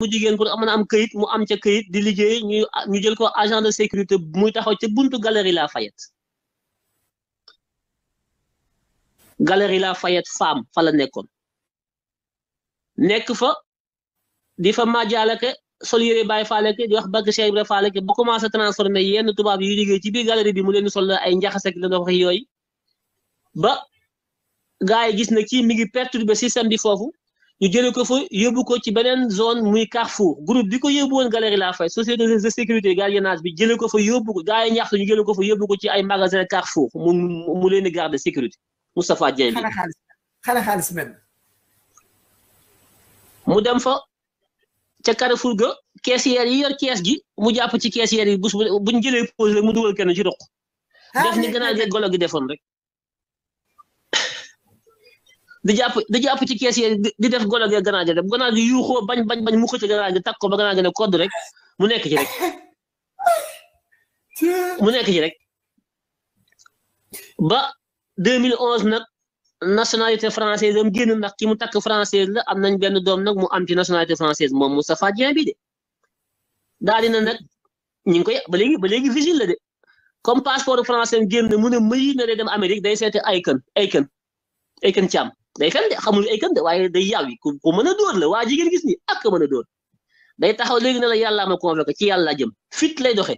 bu jigéen pour mën a am këyit mu am ca këyit di liggéey ñu ñu jël ko agent de sécurité muy taxaw ca buntu galerie Lafayette galerie Lafayette femme fa la nekkoon nekk fa di fa majaalake sol yére bàyyi faaleke di wax bagg Cheikh Ibra faaleke ba commencé transformé yenn tubaab yuy liggéey ci biir galerie bi mu leen sol ay njaxasek la ndox yooyu ba gaa yi gis na kii mi ngi perturbé système bi foofu ñu jëlee ko fa yóbbu ko ci beneen zone muy Carrefour groupe bi ko yóbbu woon Galerie Lafayette société de sécurité gardiennage bi jëlee ko fa yóbbu ko gars yi ñaxtu ñu jëlee ko fa yóbbu ko ci ay magasin Carrefour mu mu leen di garde sécurité Moustapha Dieng bi. xale xaalis même. mu dem fa ca Carrefour ga caissière yi yor kees gi mu jàpp ci caissière yi bu buñ jëlee pause mu dugal kenn ci roq. Ah, def ni gannaaw gi golo gi defoon rek. di jàpp di jàpp ci kees yi di def golo ge ganaar gi dem ganaar gi yuuxoo bañ bañ bañ mu ko ci ganaar ba ganaar ne kodd rek mu nekk ci rek mu nekk ci rek ba 2011 nag nationalité française am génn ndax ki mu takk française la am nañ benn doom nag mu am ci nationalité française moom Moustapha Dieng bi de daal dina nag ñu koy ba léegi ba léegi vigile la de comme passeport français génn mu ne mëyi na dem Amérique day seeti Akon Akon Akon Thiam day fen de xamul ay kan de waaye day yaaw yi ku ku mën a dóor la waa jigéen gis ni ak mën a dóor day taxaw léegi ne la yàllaa ma convoqué ci yàlla jëm fit lay doxe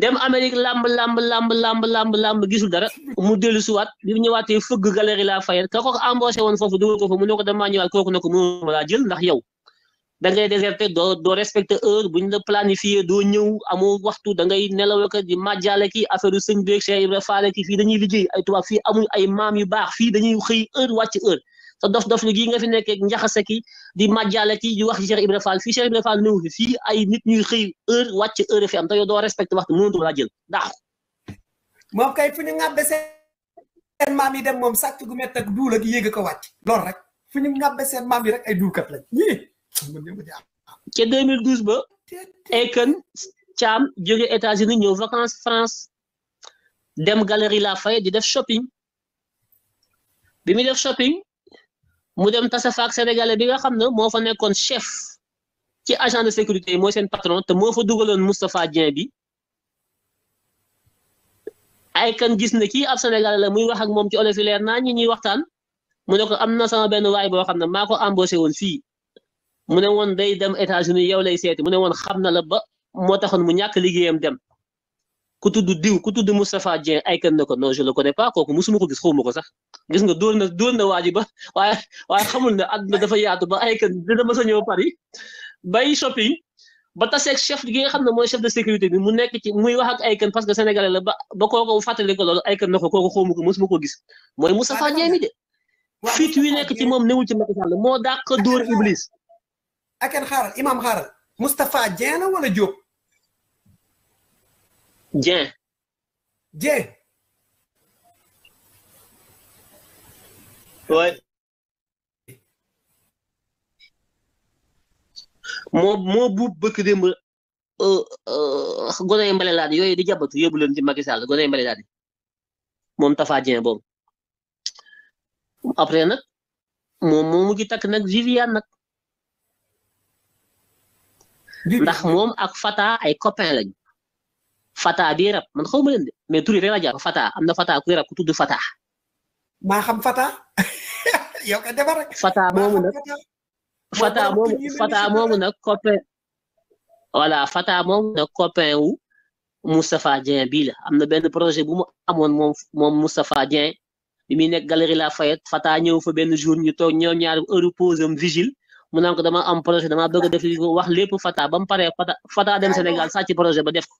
dem Amérique làmb làmb làmb làmb làmb làmb gisul dara mu dellu suwaat bi mu ñëwaatee fëgg galerie la fayet ka ko embauché woon foofu dugal ko fa mu ne ko damaa ñëwaat kooku ne ko mënuma laa jël ndax yow da ngay déserté doo doo respecté heure bu ñu la planifié doo ñëw amoo waxtu da ngay nelaw ko di màjjale ki affaire yu sëñ beeg Cheikh Ibra Faal ki fii dañuy liggéey ay tubaab fii amu ay maam yu baax fii dañuy xëy heure wàcc heure sa dof-dof li gii nga fi nekkee ki di màjjale ki di wax Cheikh Ibra Faal fii Cheikh Ibra Faal néew fi ay nit ñuy xëy heure wàcc heure fi am te yow doo respecté waxtu mënatu laa jël daax moom kay fu ñu ŋàbbe maam yi dem moom sàcc gu métt ak duul ak yéeg ko wàcc loolu rek fu ñu ŋàbbe seen maam yi rek ay duulkat lañ ce ca 2012 ba Eken Thiam jóge États-Unis ñëw vacances France dem galerie Lafayette di def shopping bi muy def shopping mu dem tasafaak sénégalais bi nga xam ne moo fa nekkoon chef ci agent de sécurité mooy seen patron te moo fa dugaloon Moustapha Dieng bi Eken gis ne kii ab sénégalais la muy wax ak moom ci olof yi naa ñi ñuy waxtaan mu ne ko am na sama benn waay boo xam ne maa ko embauché woon fii mu ne woon day dem États-Unis yow lay seeti mu ne woon xam na la ba moo taxoon mu ñàkk liggéeyam dem ku tudd diw ku tudd Moustapha Dieng ay kan na ko non je le connais pas kooku musuma ko gis xawma ko sax gis nga dóor na dóor na waa ji ba waaye waaye xamul ne àdduna dafa yaatu ba ay kan dina ma sa ñëw Paris bay shopping ba taseeg chef gi nga xam ne mooy chef de sécurité bi mu nekk ci muy wax ak ay kan parce que sénégalais la ba ba kooku fàttali ko loolu ay kan na ko kooku xawma ko musuma ko gis mooy Moustapha Dieng mi de fit wi nekk ci moom newul ci Macky Sall moo dàq dóor Iblis akan xaaral imam xaaral mustafa Dieng la wala Diop. mo mo bu moo moo buub bëkk démb gone yi mbale laadi yooyu di jabatu yóbbu leen ci Macky Sall gone yi mbale laadi Tafa Dieng boobu après nag moom moo Viviane ndax moom ak Fata ay copain lañu Fata bii rab man xaw ma leen de mais tur yi rek la Fata am na Fata kuy rab ku tudd Fata. maa xam Fata yow Fata moomu nag Fata moomu Fata moomu nag copain Fata moomu nag copain wu Moustapha bii la am na benn projet bu mu amoon moom moom Moustapha Dieng bi muy nekk galerie Lafayette Fata ñëw fa benn jour ñu toog ñëw ñaar heure pause vigile. mu naan dama am projet dama bëgg a def li wax lépp Fata ba mu paree Fata Fata dem Sénégal sàcc projet ba def ko.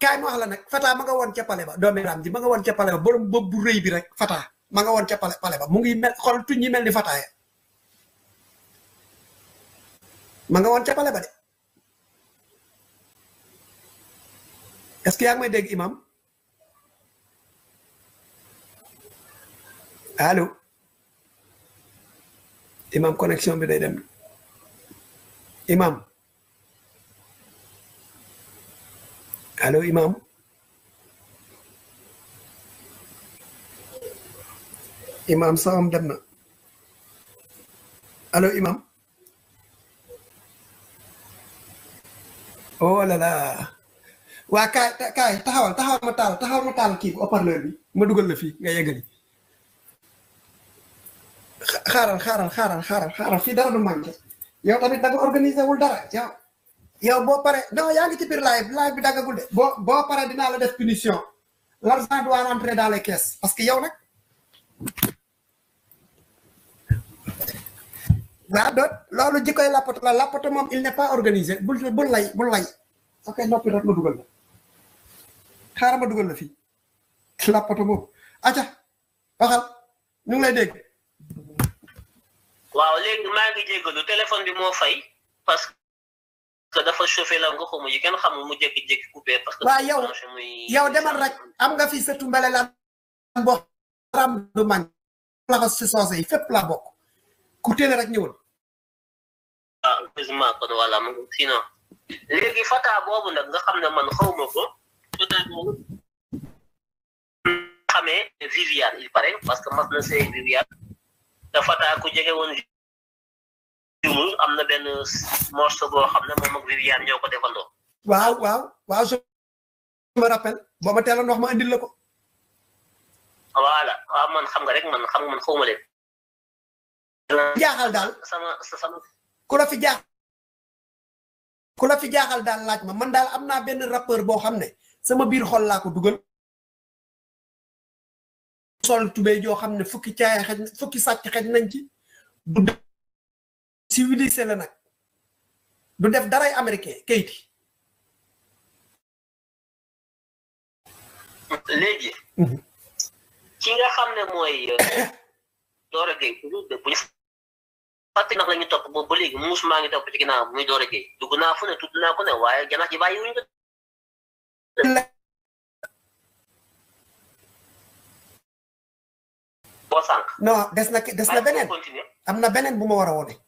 kaay ma wax la nag Fata ma nga woon ca pale ba dooméram ji ma nga woon ca pale ba borom bopp bu rëy bi rek Fata ma nga woon ca pale pale ba mu ngi mel xool tuñ ñi mel ni Fata ya ma nga woon ca pale ba de est-ce que yaa ngi may dégg imam allo. imam connexion bi day dem imam allo imam imam sawam dem na allo imam oh là là waa kaay kaay taxawal taxawal ma taal taxawal ma taal kii haut-parleur bi ma dugal la fii nga yeggali Kharan, Kharan, Kharan, Kharan, Kharan. fii dara du manqué yow ya. tamit da nga organisé wul dara yow ya. yow boo pare non yaa ngi ci biir live live bi daggagul de boo boo pare dinaa la def punition l'argent doit rentrer dans les caisses parce que yow nag waa doot loolu jikoy lappatu la lappatu mom il n'est pas organisé bul bul lay bul lay ok nopi rat ma dugal la ma dugal la fii lappatu mom acha waxal ñu ngi lay dégg waaw léegi maa ngi jégalu téléphone bi moo fay parce que dafa chauffé la nga xamu yi xam xamul mu jékki-jékki coupé. parce que waaw yow yow demal rek am nga fi surtout mbele la mboq ram du man soose yi la bokk ku teel rek ñëwul. waaw ah, heureusement sinon léegi Fata boobu nag nga xam ne man xaw ma Viviane il paraît parce que mas na Viviane. te Fata ku jege woon am na benn morceau boo xam ne moom ak Viviane ñoo ko defandoo. waaw waaw waaw je me rappelle boo ma teeloon wax ma indil la ko. voilà waaw man xam nga rek man xam nga man xawma leen. jaaxal daal sama sama. ku la fi ku la fi daal laaj ma man daal am naa benn rappeur boo xam ne sama biir xol laa ko dugal. sol tubéy joo xam ne fukki caay xaj fukki sàcc xaj nañ ci du def daray américain kayiti léegi ci mhm. nga xam ne mooy euh, Doro Gaye bu ñu la ñu topp boobu ba léegi maa ngi topp ci ginnaaw muy Doro Gaye dugg naa fu ne tudd naa ko ne waaye janax ji bàyyi wuñu ko No, sànq. non des na des na benen amna benen buma wara woné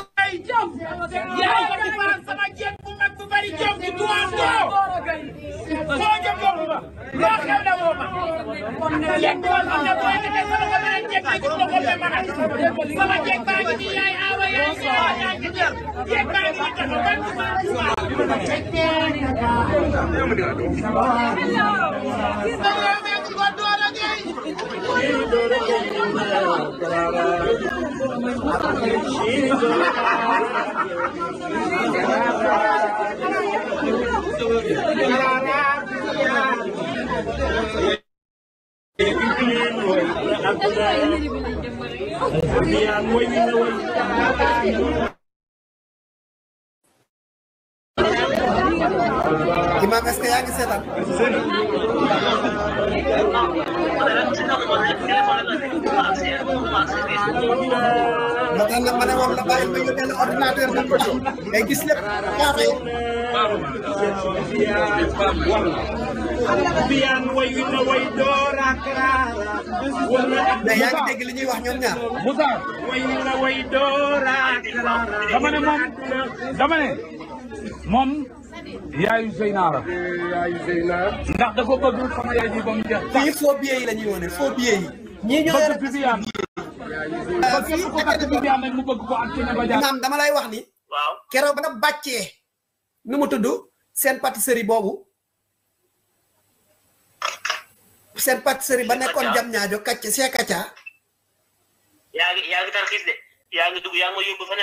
a may jom yaay ko jauh, sama jéem Terima kasih yang kesehatan? Maganda mana? naman na tayo ngayon ng ordinator ng kurso. May gislip ka kayo. Biyan wayo na way dora krala. Dayag tigilin niyo wahyon niya. Buta. Wayo na way dora krala. Dama mom. Dama Mom yaayu Zeyna la. yaayu Zeyna. ndax da ko bëggul sama yaay ji ba mu jeex. fii faux billets yi la ñuy wane faux yi. ñii ñoo yor bëgg Viviane. ba képp ko takk Viviane nag mu bëgg ko ak Kine Badiane. maam dama lay wax ni. waaw keroog ba nga bàccee. nu mu tudd seen pâtisserie ba jam ñaajo de yaa ngi dugg yaa ngi ma yóbbu bu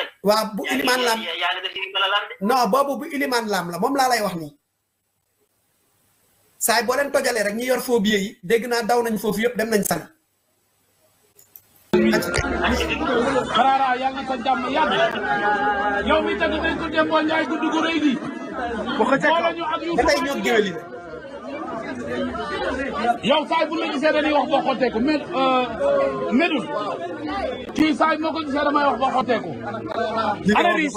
ya, ilimaan ya, lam yaa ya, ngi def yi mala lam de. bu ilimaan lam la moom laa lay wax nii. saay boo leen tojalee rek ñi yor faux yi dégg naa daw nañ foofu yëpp dem nañ sana. Karaara yàlla na sa jàmm yàgg yow mi ko gu gi. ko yow saay bu ñu la gisee dañuy wax boo xotteeku med medul kii saay moo ko gisee damay wax boo xotteeku. ana riis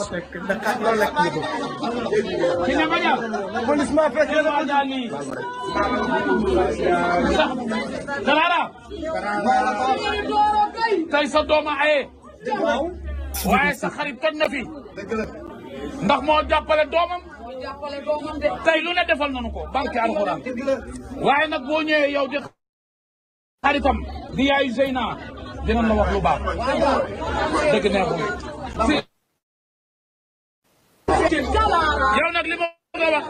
ki ne bañal. police maa fekk la ma daal nii. Daraara. tey sa doom a aye. waaye sa xarit toj na fi. ndax moo jàppale doomam. tey lu ne defal nañu ko barke alxuraan waaye nag boo ñëwee yow di xaritam di yaayu Zeyna dinañ la wax lu baax dëgg neexul yow nag li ma nga wax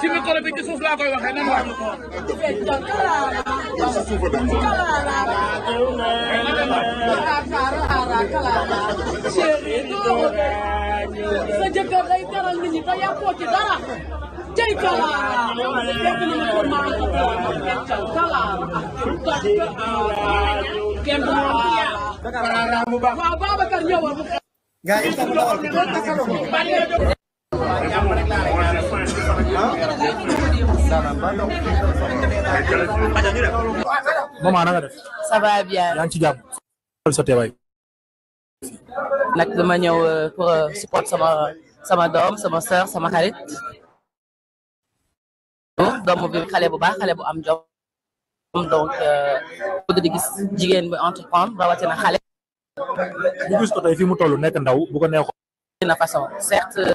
ci micro bi ci suuf laa koy waxee nan wax sa jëkkër day teral nit ñi ba yàqoo ci dara cey kalaara fekk na ma ko maa ngi ko kalaara kenn waaw Babacar ñëwal maman dama pour support sama sama dom, sama sœur sama xarit doom bi xale bu baax xale bu am jom donc eh, di gis jigéen bu entreprendre rawatina xale bu gis ko fi mu ndaw bu ko na façon certes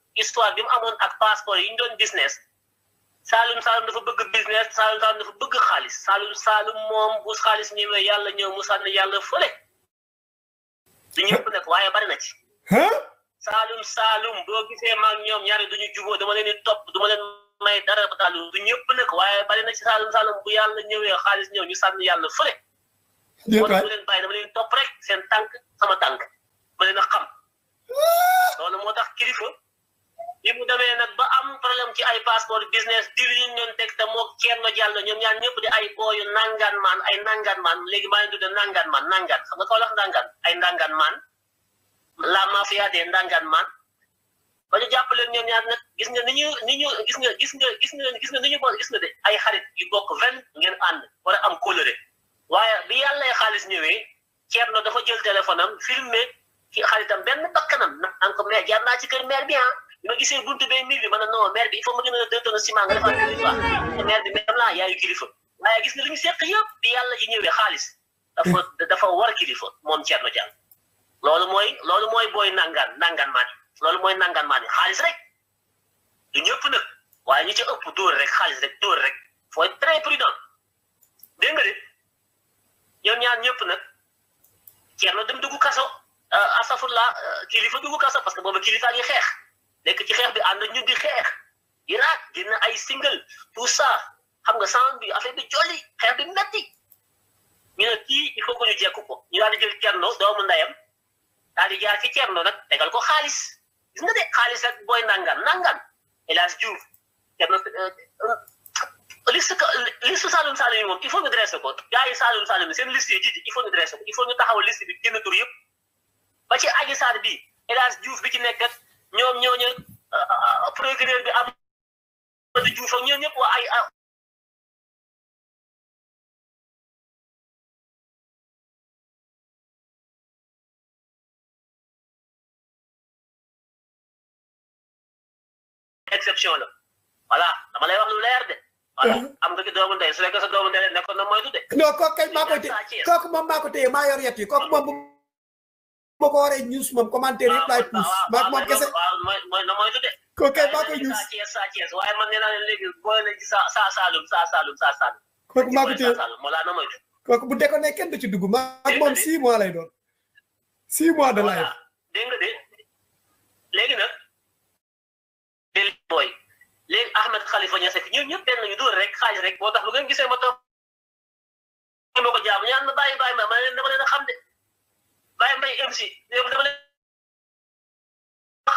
histoire bi mu amoon ak passeport yi ñu doon business Saalum Saalum dafa bëgg business Saalum Saalum dafa bëgg xaalis Saalum Saalum moom bu xaalis ñëwee yàlla ñëw mu sànni yàlla fële du ñëpp nekk waaye bari na ci. Saalum Saalum boo gisee maag ñoom ñaari duñu juboo dama leen di topp duma leen may dara ba Saalum du ñëpp nekk waaye bari na ci Saalum Saalum bu yàlla ñëwee xaalis ñëw ñu sànni yàlla fële. jërëjëf kon bu leen bàyyi dama leen topp rek seen tànk sama tànk ma a xam. loolu moo tax kilifa. bi mu demee nag ba am problème ci ay passeport business dil ñu doon teg te moo kenn jàll ñoom ñaar ñëpp di ay booyu nangaan maan ay nangaan maan léegi maa ngi tuddee nangaan maan nangaan xam nga kaw lax nangaan ay nangaan maan la mafia des ba ñu jàpp leen ñoom ñaar nag gis nga ni ñu ni ñu gis nga gis nga gis nga gis nga ni ñu bon gis nga de ay xarit yu bokk vingt ngeen ànd war a am coloré waaye bi yàlla xaalis ñëwee Thierno dafa jël téléphone am filmé. ki xaritam benn bakkanam na an ko maire jaar naa ci kër maire bi ah bi ma ya? gisee buntu bee mbir bi ma ne non maire bi il faut ma gën a deux tonnes ciment nga defal ko quoi te maire bi maire laa yaayu kilifa waaye gis nga li ñu seq yëpp bi yàlla ji ñëwee xaalis dafa dafa war kilifa moom Thierno Dial loolu mooy loolu mooy booy nangaan nangaan maa ni loolu mooy nangaan maa ni xaalis rek du ñëpp nag waaye ñu ci ëpp dóor rek xaalis rek dóor rek fooy très prudent dégg nga de ñoom ñaar ñëpp nag Thierno dem dugg kaso asafurla kilifa dugg kaso parce que boobu kilifa ngi xeex nekk ci xeex bi a ñu di xeex ki dina ay single tout ça xam nga sang bi affaire bi jolli xeex bi metti ñu ne kii il faut que ñu jekku ko ñu daal di jël cerno doomu ndayam daal di jaar ci cerno nag tegal ko xaalis gis nga de xaalis ak booy nangan nangan hélas eh, Diouf cerno liste Saalum Saalum moom il faut ñu dressé ko gars Saalum Saalum seen liste yi jiite faut ñu dressé ko il faut ñu taxawal liste bi génn yëpp ba ci Adji Sarr bi El Hadj bi ci nekk ak ñoom ñooñu euh, euh, procureur bi am na Diouf ñoom ñëpp waa ay ah. la voilà dama lay lu leer de. am nga doomu ndey su nekk sa doomu ndey nekkoon na moytu de. non kooku kay maa ko téye kooku moom maa ko téye maa yor yet yi kooku moom. ma ko waree ñuus moom commentaire yëpp laay puus maa moom kese mooy ko kay maa ko ñuus sa Thiès sa Thiès waaye man nee naa leen léegi boo leen ci sa sa Saloum sa Saloum sa Saloum ko téye na mooy de bu dekkoon ne kenn du ci dugg maa ak moom six mois lay doon six mois de live dégg nga de nag déli booy léegi Ahmed Khalifa Niass ak ñoom na benn ñu dóor rek xaalis rek boo tax lu ngeen gisee ma toog ma ko jaam ñaan ma bàyyi bàyyi ma ma leen a xam de Baye Mbaye MC si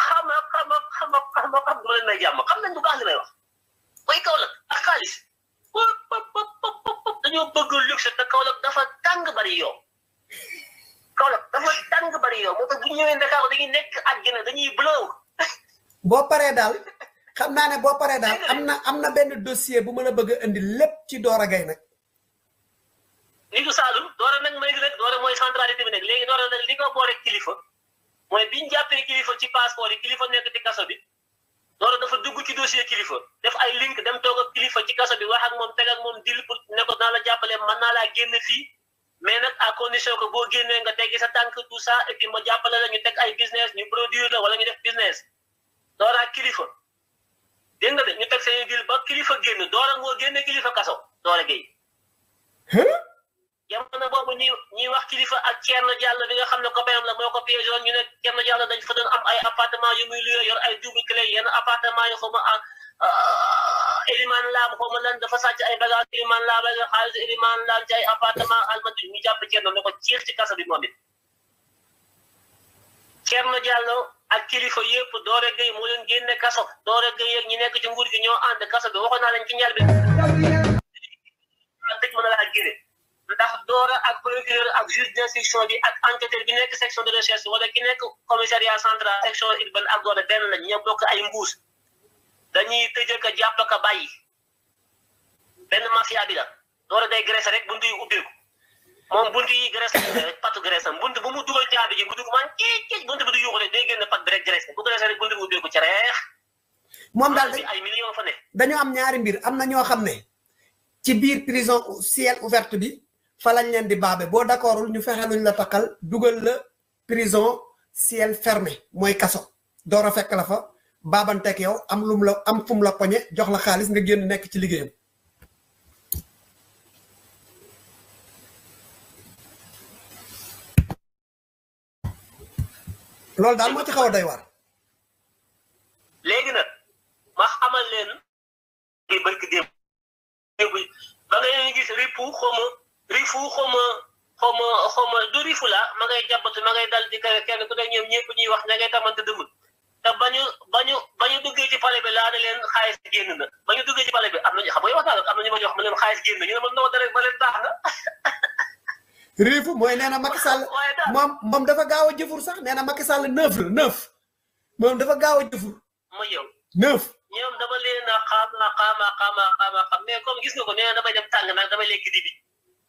xam a xam a xam a xam a nañ bu baax li may dañoo bëgg luxe te Kaolack dafa tàng dafa tàng bari yow moo tax bu ñu ñëwee Ndakaaru dañuy nekk àjjana dañuy blow boo paree daal xam naa ne boo paree daal am na am na benn dossier bu mën a bëgg indi lépp ci Doro Gaye nag nitu Saalum doora nag mooy rek doora mooy centralité bi nekk léegi doora nag li ko boole kilifa mooy biñ jàppee kilifa ci passeport yi kilifa nekk ci kaso bi doora dafa dugg ci dossier kilifa def ay link dem toog ak kilifa ci kaso bi wax ak moom teg ak moom dil pour ne naa la jàppale mën naa laa génn fii mais nag à condition ko boo génnee nga teggi sa tànk tout ça et ma jàppale la ñu teg ay business ñu produire la wala ñu def business doora ak kilifa dégg nga de ñu teg seen dil ba kilifa génn doora ngoo génne kilifa kaso doora géy jamono boobu ñuy ñuy wax kilifa ak Thierno Diallo bi nga xam ne copain la moo ko piégé woon ñu ne Thierno Diallo dañ fa doon am ay appartement yu muy luye yor ay double clé yenn appartement yi xaw ma Eliman Lam xaw ma lan dafa sàcc ay bagage Eliman Lam ak xaalis Eliman Lam ci ay appartement almadi ñu jàpp Thierno ne ko ciix ci kasa bi moom it Thierno Diallo ak kilifa yëpp Doore Gueye moo leen génne kaso Doore Gueye ak ñi nekk ci nguur gi ñoo ànd kaso bi waxoon naa leen ci ñel bi dëj mën a laa génne ndax doora ak procureur ak juge d'instruction bi ak enquêteur bi nekk section de recherche wala ki nekk commissariat central section urbaine ak doora benn lañ ñoo bokk ay mbuus dañuy tëjee ka jàpp ka bàyyi benn mafia bi la doora day graisse rek buntu yi ubbeeku moom buntu yi graisse rek patu buntu mu bi du yuuxu rek day génn pat bi rek graisse bu graisse rek buntu bi ubbeeku ci reex moom daal ay millions fa ne dañu am ñaari mbir am na ñoo xam ne ci biir prison ciel ouverte bi fa lañ leen di baabe boo d'accordul ñu fexe luñ la takkal dugal la prison ciel fermé mooy kaso door a fekk la fa baabanteeg yow am lum la am fum la poñe jox la xaalis nga génn nekk ci liggéeyam loolu daal moo ci xaw a doy waar léegi nag ma xamal leen barki démb ba nga leen gis ripu xawma rifu xawma xawma xawma du rifu la ma ngay jàppatu ma ngay dal di kenn ku ne ñoom ñëpp ñuy wax ña ngay tamante dëmul te bañu bañu bañu duggee ci pale bi laa leen xaalis génn na bañu duggee ci pale bi am nañu xam nga waxtaan am nañu ma ma leen xaalis génn na ñu ne ma noo ba leen baax na riifu mooy nee na Macky Sall moom moom dafa gaaw a jëfur sax nee na Macky Sall neuf la neuf moom dafa gaaw a jëfur ma yow neuf ñoom dama leen a xaama xaama xaama xaama xam mais comme gis nga ko nee na damay dem tàng nag damay lekk dibi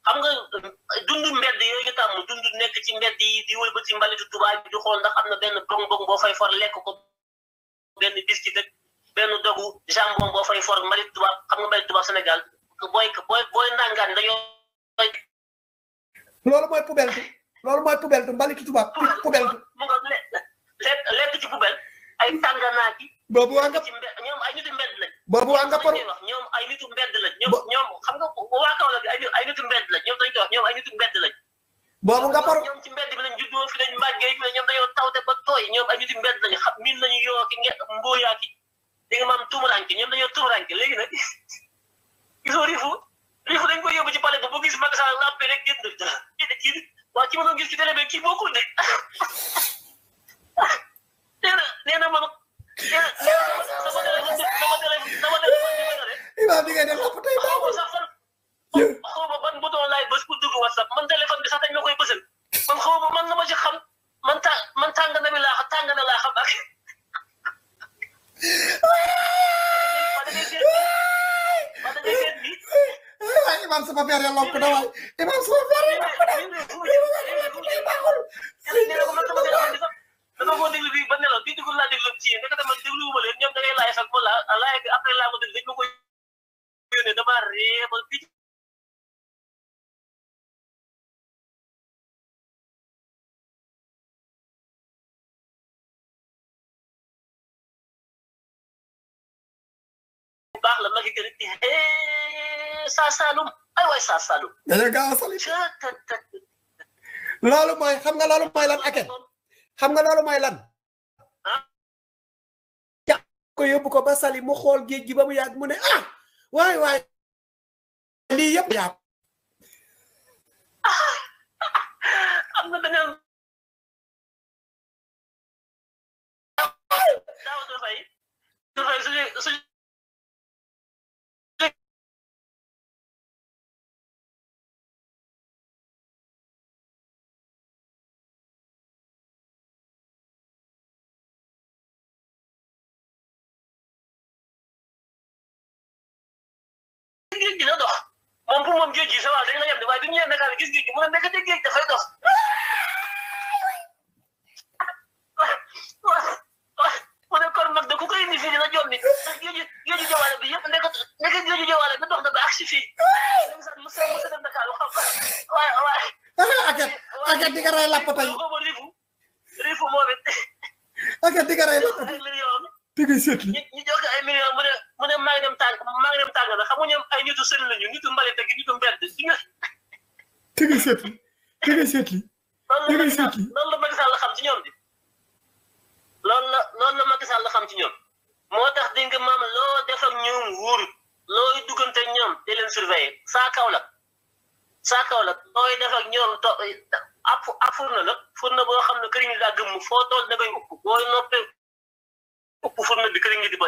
xam nga euh, dundu mbedd yooyu ñu tàmm dundu nekk ci mbedd yi di wëlbati mbalitu tubaab bi di xool ndax am na benn dong dong boo fay for lekk ko benn biscuit ak benn dogu jambon boo fay for mbalit tubaab xam nga mbalit tubaab Sénégal booy booy booy nangaan dañoo. loolu mooy poubelle bi loolu mooy poubelle mbalitu tubaab poubelle lekk ci poubelle ay tànganaaki. babu anggap nga ñoom ay nitu mbedd lañ boobu waa par ñoom ay nitu mbedd lañ ñoom ñoom xam nga waa kaw la ay ay nitu mbedd lañ ñoom dañ ko wax ñoom ay nitu mbedd lañ boobu nga par ñoom ci mbedd bi lañ juddoo fi lañ fi tawte ba ay nitu mbedd lañ xam min lañu yoo ki nge mbooyaa ki di nga maam tuumuranke ñoom dañoo tuumuranke rifu rifu dañ koy yóbbu ci palais boo gis Macky Sall làmpi rek génn gitu. gitu, gitu. waa ki ma gis ci télé bi de cara é louco, Eu não Saloum. dañoo gaaw a sali. loolu mooy xam nga loolu mooy lan ake xam nga loolu mooy lan. ja ya, ko yóbbu ko ba sali mu xool géej gi ba mu yàgg mu ne ah waay waay lii yëpp yàpp. am nga beneen. daaw dafay dafay suñu suñu. a gis géej gi mu ne ndekete géej dafay dox mu ne kon nag da ku koy indi fii dina jombi géeju géeju jowaale bi yëpp ndeket ndeket géeju jowaale bi dox na ba ak si fii mu sa mu sa dem Dakar xam waaye waaye akat akat di nga rey lappata yi riifu riifu moom it akat di nga rey lappata yi tigay seetli loolu la Macky Sall xam ci ñoom bi loolu la loolu la Macky Sall xam ci ñoom moo tax di nga maam loo def ak ñoom wóorut looy duggante ñoom di leen surveiller saa kaw la saa kaw la looy def ak ñoom to ab ab furna la furna boo xam ne këriñ li daa gëmm foo tool da ngay upp booy noppee upp furna bi këriñ li di ba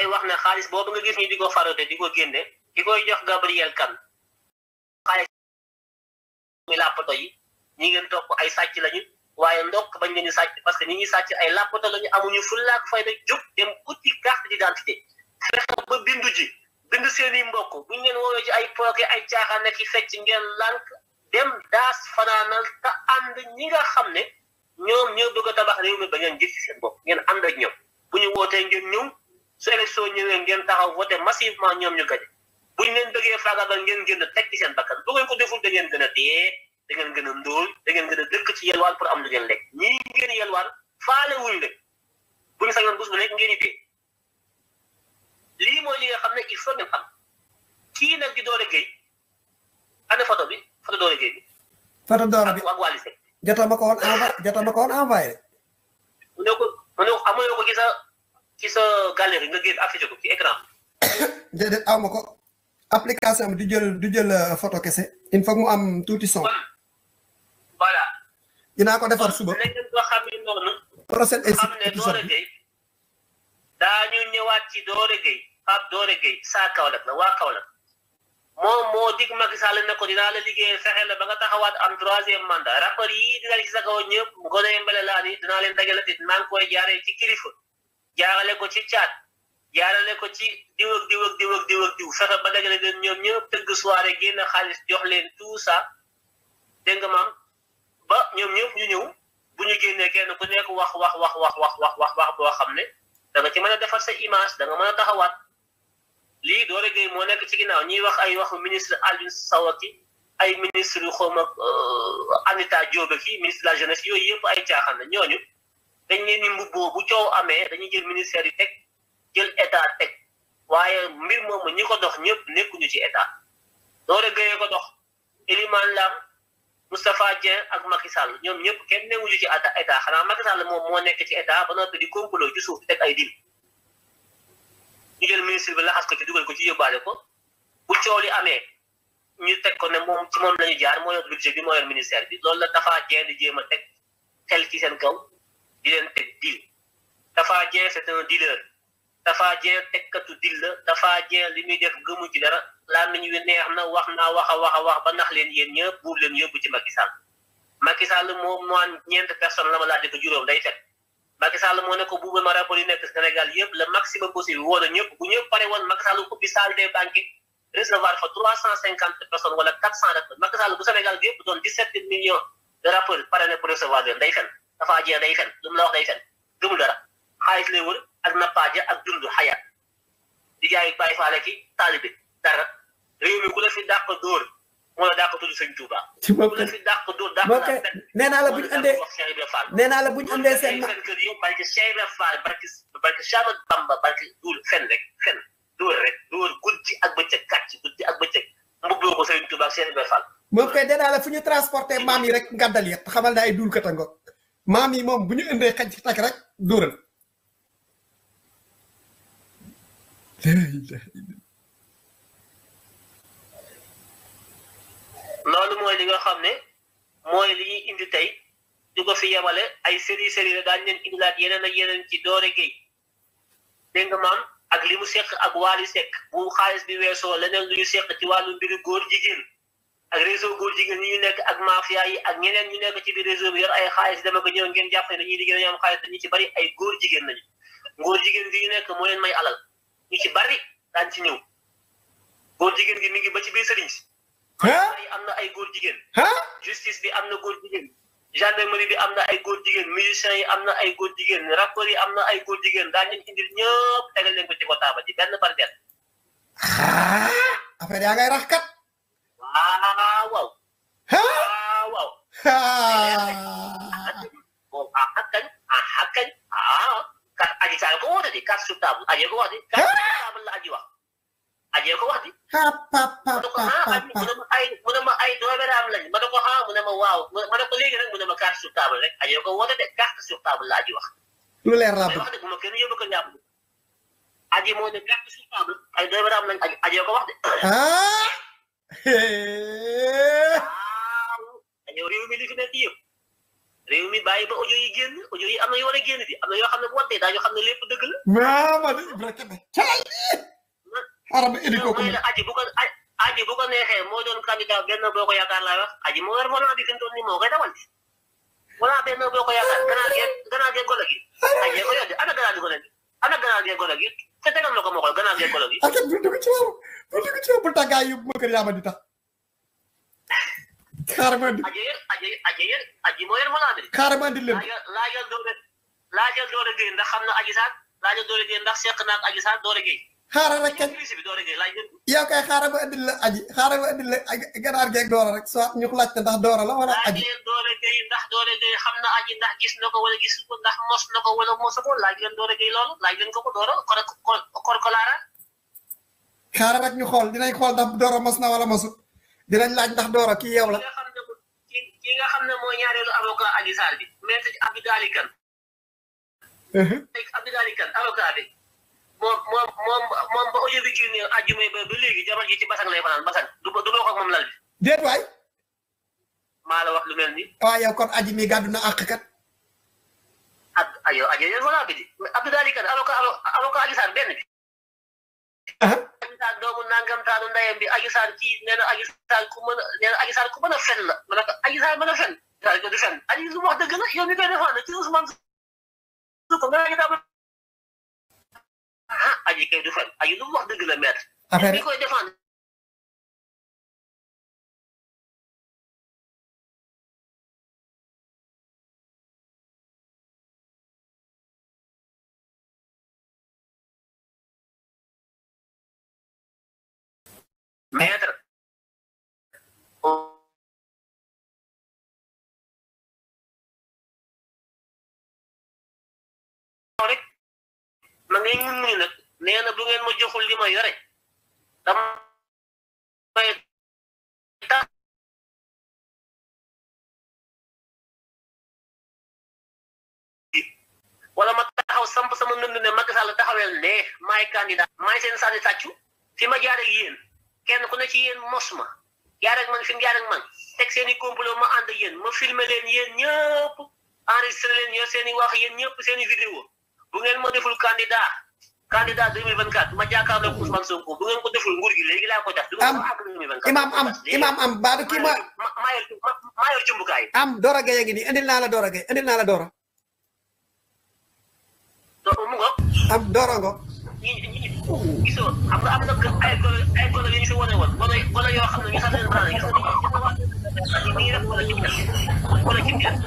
dafay wax ne xaalis boobu nga gis ñu di ko farote di ko génne ki koy jox Gabriel kan xaalis mi làppato yi ñi ngeen topp ay sàcc lañu waaye ndokk bañ leen di sàcc parce que ñi ñuy sàcc ay làppato lañu amuñu fay fayda jóg dem uti carte d'identité fexe ba bindu ji bind seeni mbokk bu leen woowee ci ay pooke ay caaxaan ak fecc ngeen lànk dem daas fanaanal te ànd ñi nga xam ne ñoom ñoo bëgg a tabax réew mi ba ngeen gis ci seen bopp ngeen ànd ak ñoom bu ñu wootee ngeen ñëw su élection ñëwee ngeen taxaw voté massivement ñoom ñu gañ bu ñu leen bëggee faagaagal ngeen gën a teg ci seen bakkan bu ngeen ko deful da ngeen gën a dee da ngeen gën a ndóol da ngeen gën a dëkk ci yelwaan pour am lu ngeen lekk ñii ngeen yelwaan faale wuñ leen bu ñu sañoon bés bu nekk ngeen di lii mooy li nga xam ne il faut ngeen xam kii nag di Doro Gueye ana photo bi photo Doro Gueye bi. photo Doro bi ak Wally Seck. jota ma ko woon envoyé jota ma ko woon envoyé. ci sa galerie nga génn affiché ko ci écran déedéet aw ma ko application bi du jël du jël euh, photo kese il faut mu am tuuti son voilà dinaa ko defar suba léegi ne noonu xam ne Doore Gueye daañu ñëwaat ci Doore Gueye Pape Doore Gueye saa Kaolack la waa Kaolack moom moo dig Macky Sall ne ko dinaa la liggéey fexe la ba nga taxawaat am troisième mandat rapport yi dina ci sa kaw ñëpp a leen dajale te koy jaaree ci kilifa jaarale ko ci caat jaarale ko ci diw ak diw ak diw ak diw ak diw fexe ba dajale leen ñoom ñëpp tëgg soirée génn xaalis jox leen tout ça dégg nga ba ñoom ñëpp ñu ñëw bu ñu génnee kenn ku nekk wax wax wax wax wax wax wax wax boo xam ne da ci mën a defar sa image da nga mën a taxawaat lii Doro Gueye moo nekk ci ginnaaw ñuy wax ay waxu ministre Alioune Sow ak ay ministre yu xawma euh, Anita Diop ak ministre de la jeunesse yooyu yëpp ay caaxaan la ñooñu. dañ leen ni mbubboo bu coow amee dañuy jël ministère yi teg jël état teg waaye mbir moomu ñi ko dox ñëpp nekkuñu ci état Doro Gaye ko dox Elimane Lam Moustapha Dieng ak Macky Sall ñoom ñëpp kenn newuñu ci état xanaa Macky Sall moom moo nekk ci état ba noppi di complot ci suuf di teg ay dil ñu jël ministre bi laxas ko ci dugal ko ci yóbbaale ko bu coow li amee ñu teg ko ne moom ci moom la jaar moo lu budget bi moo ministère bi loolu la Tafa Dieng di jéem a teg tel ci seen kaw. di leen teg dil Tafa Dieng c'est un dealer Tafa Dieng tekkatu dil la Tafa Dieng li muy def gëmu ci dara làmmiñ wi neex na wax naa wax wax wax ba nax leen yeen ñepp bu leen yóbbu ci Macky Sall Macky Sall mo mo ñent personne la ma laaj ko juróom day tek. Macky Sall mo ne ko bu ma rapport yi nekk Sénégal yépp le maximum possible wala ñepp bu ñepp paré won Macky Sall ko bi sal des banques recevoir fa 350 personnes wala 400 rapport Macky Sall bu Sénégal yépp doon 17 millions de rapport paré né pour recevoir day fenn dafa jeex day fen lu mu la wax day fen gëmul dara xaalis lay wër ak nappaaje ak dund xayaat di jaay bàyyi faale ki taalibe dara réew mi ku la fi dàq dóor moo la dàq tudd sëñ Tuuba ku la fi dàq dóor dàq naa fen nee naa la bu ñu andee nee naa la bu ñu andee seen fen kër yow barki Cheikh Ibra Fall barki barki Chamat Bamba barki dóor fen rek fen dóor rek dóor guddi ak bëccëg kàcc guddi ak bëccëg mbubboo ko sëñ Tuuba ak Cheikh Ibra Fall moom kay nee naa la fu ñu transporté maam yi rek ngàddal yëpp xamal na ay duul katangoo maam yi moom bu ñu indee xaj ci takk rek dóoral loolu mooy li nga xam ne mooy li ñuy indi tey du ko fi yemale ay série série la daañu leen indilaat yeneen ak yeneen ci doore géey dégg nga maam ak li mu seq ak waali seq bu xaalis bi weesoo leneen lu ñu seq ci wàllu mbiru góor jigéen ak réseau góor jigéen ñi ñu nekk ak mafia yi ak ñeneen ñu nekk ci biir réseau bi yor ay xaalis dama ko ñëw ngeen jàpp ne dañuy liggéey dañuy am xaalis dañu ci bari ay góor jigéen lañu góor jigéen gi ñu nekk moo leen may alal ñu ci bari daan ci ñëw góor jigéen gi mi ngi ba ci biir sëriñ si am na ay góor jigéen justice bi am na góor jigéen gendarmerie bi am na ay góor jigéen musiciens yi am na ay góor jigéen rappeurs yi am na ay góor jigéen daan leen indil ñëpp tegal leen ko ci ko ji benn par benn après yaa ngay rax kat wow Hah? wow mau ahad kan ahad kan ah kan aji sal ko wadi kan suta aji ko wadi kan abla aji wa aji ko wadi ha pa pa pa pa mun ai mun ma wow mun ko kan suta abla aji ko wadi de kan suta abla aji wa lu leer rab mun ko yobu ko ñam aji mo de kan suta abla dañoo réew mi li fi nekk yëpp réew ba audio yi génn audio yi am na yu a génn di am na yoo xam ne bu wattee daañu xam ne lépp dëgg la. waaw ah, man Ibrahima Kébé caal. xaaral ma indi aji bu ko aji bu ko neexee moo doon candidat benn boo ko yaakaar laa wax aji moo war volon bi fi mu toll moo koy dawal. volon benn boo ko yaakaar gannaaw gee gannaaw gee golo ko yor ana gannaaw gi golo gi te kanam la ko mokkal gannaaw ngeen ko la gis. ah te du dugg ci waaw du dugg ci waaw bu tàggaay yóbbu ma kër yaa ma di tax. carrément andi aji yéen aji aji yéen aji moo yéen mën a carrément andi leen laajal doole laajal doole géey ndax xam na aji saar laajal doole géey ndax seq naa ak aji saar doole géey xaaral rek kañ yow kay xaaral ma indil la aji xaaral ma indil la ganaar geeg doora rek soit ñu laajte ndax doora la wala aji doora gay ndax doora gay xam na aji ndax gis na ko wala gis ko ndax mos na ko wala mosu ko laaj leen doora gay loolu laaj leen ko ko doora kor ko laara xaaral rek ñu xool dinañ xool ndax doora mos na wala mosut dinañ laaj ndax doora kii yow la ki nga xam ne mooy ñaareelu avocat aji saal bi maître Abdou Dali Kane Abdou Dali Kane avocat bi moom moom déet waay maa wax lu mel ni yow kon aji mi gàddu na àq kat ayo ajo yéen wala bi di abdou dali kan aloka aloka aji saan benn bi aji saan doomu nangam taanu ndayam bi aji saan ci nee aji saan ku mën a aji saan ku mën a fen la ma ko aji mën a fen daal fen aji lu wax dëgg la yow mi koy ci Ousmane nga ah, ayo kayak du ayo ayi lu wax deug la maître après ma ngay ñun nag na bu ngeen ma joxul li yore dama may tax wala ma taxaw samp sama nënd ne Macky Sall taxawel ne maay candidat maay seen sànni sàccu fi ma jaar ak yéen kenn ku ne ci yéen mos jaar ak man fi mu jaar ak man tek seen i complot ma ànd ak yéen ma filmer leen yéen ñëpp enregistré leen yéen seen wax yéen ñëpp seen vidéo bu ngeen ma deful candidat candidat 2024 ma jàkkaarloo ak Ousmane Sonko bu ngeen ko deful nguur gi léegi laa ko def. am imaam am imaam am baadu kii ma maa yor maa yor cumbukaay. am Dora Gueye a ngi nii indil naa la Dora Gueye indil naa la Dora. Dora mu ngoog. am Dora ngoog. ñi ñi gisoo xam nga am na ay golo ay golo yu ñu fi wane woon golo golo yoo xam ne ñu xam leen maanaam gis nga def golo cib gerte golo cib gerte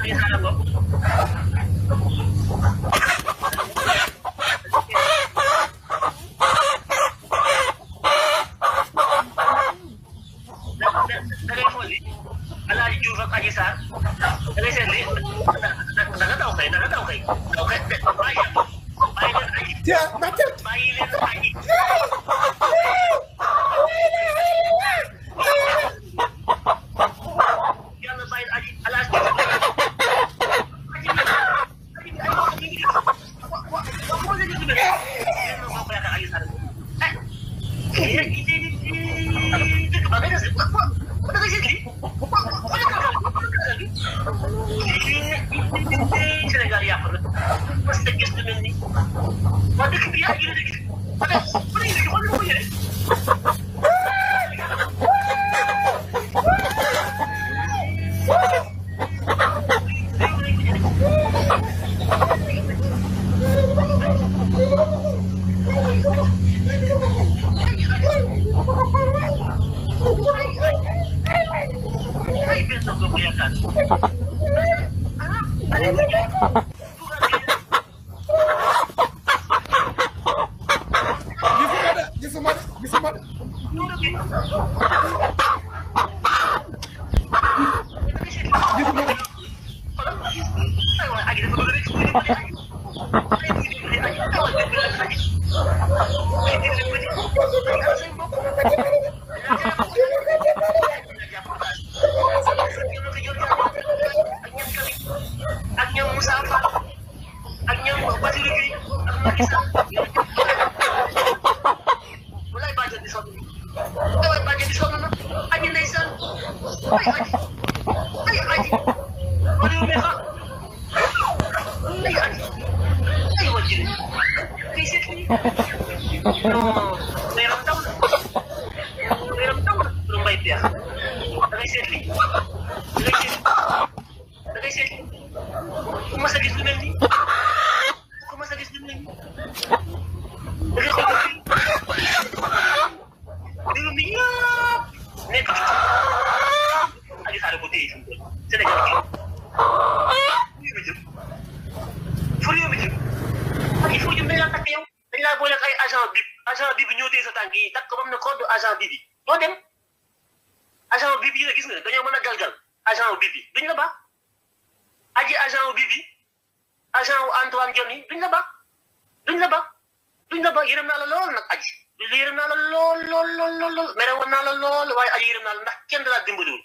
lool lool mere woon la lool waaye aju yërëm naa ndax kenn dalaa dimbaliwul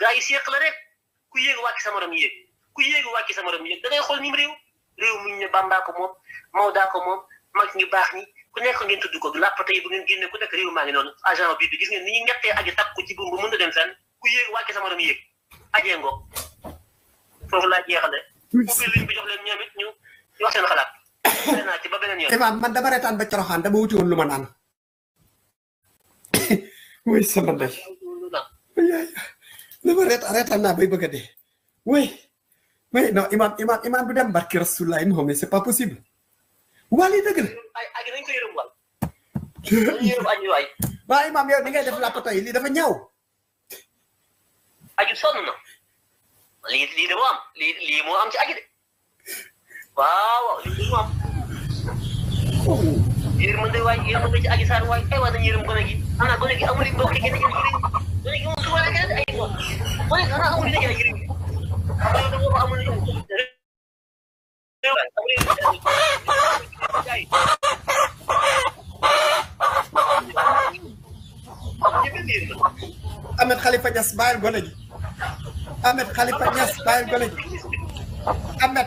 gaa yi séeq la rek ku yéegu wàcc sa morom yéeg ku yéegu wàcc sa morom yéeg da ngay xool ni mu réew réew muñ ne Bàmbaa ko moom Mawdaa ko moom mag ñu baax ñi ku nekk ngeen tudd ko làppate yi bu ngeen génne ku nekk réew maa ngi noonu agent bi bi gis ngeen ni a dem fenn ku yéegu wàcc sa morom yéeg ajee ngoog laa jeexale ubbi liñ bi jox leen ñoom it naa ci ba beneen yoon man dama reetaan ba coroxaan dama wuti woon lu naan way sama deh. Iya. ma reet reetaan naa bay bëgg a dee way no, imam imam imam bi dem barki rasulullah moom ne c'est pas possible wali dëgg la ak nañ ko yërëm wal imam ya ni dapat def làppato yi dapat dafa ñaaw aju sonn na lii lii de mau am lii Wow, moo am ci aju de waaw lii moo am yërmande waay yërmande ci Anak gue lagi amulin kan? Ahmed Khalifa Niass bàyyil gone Ahmed Khalifa Niass bàyyil gone Ahmed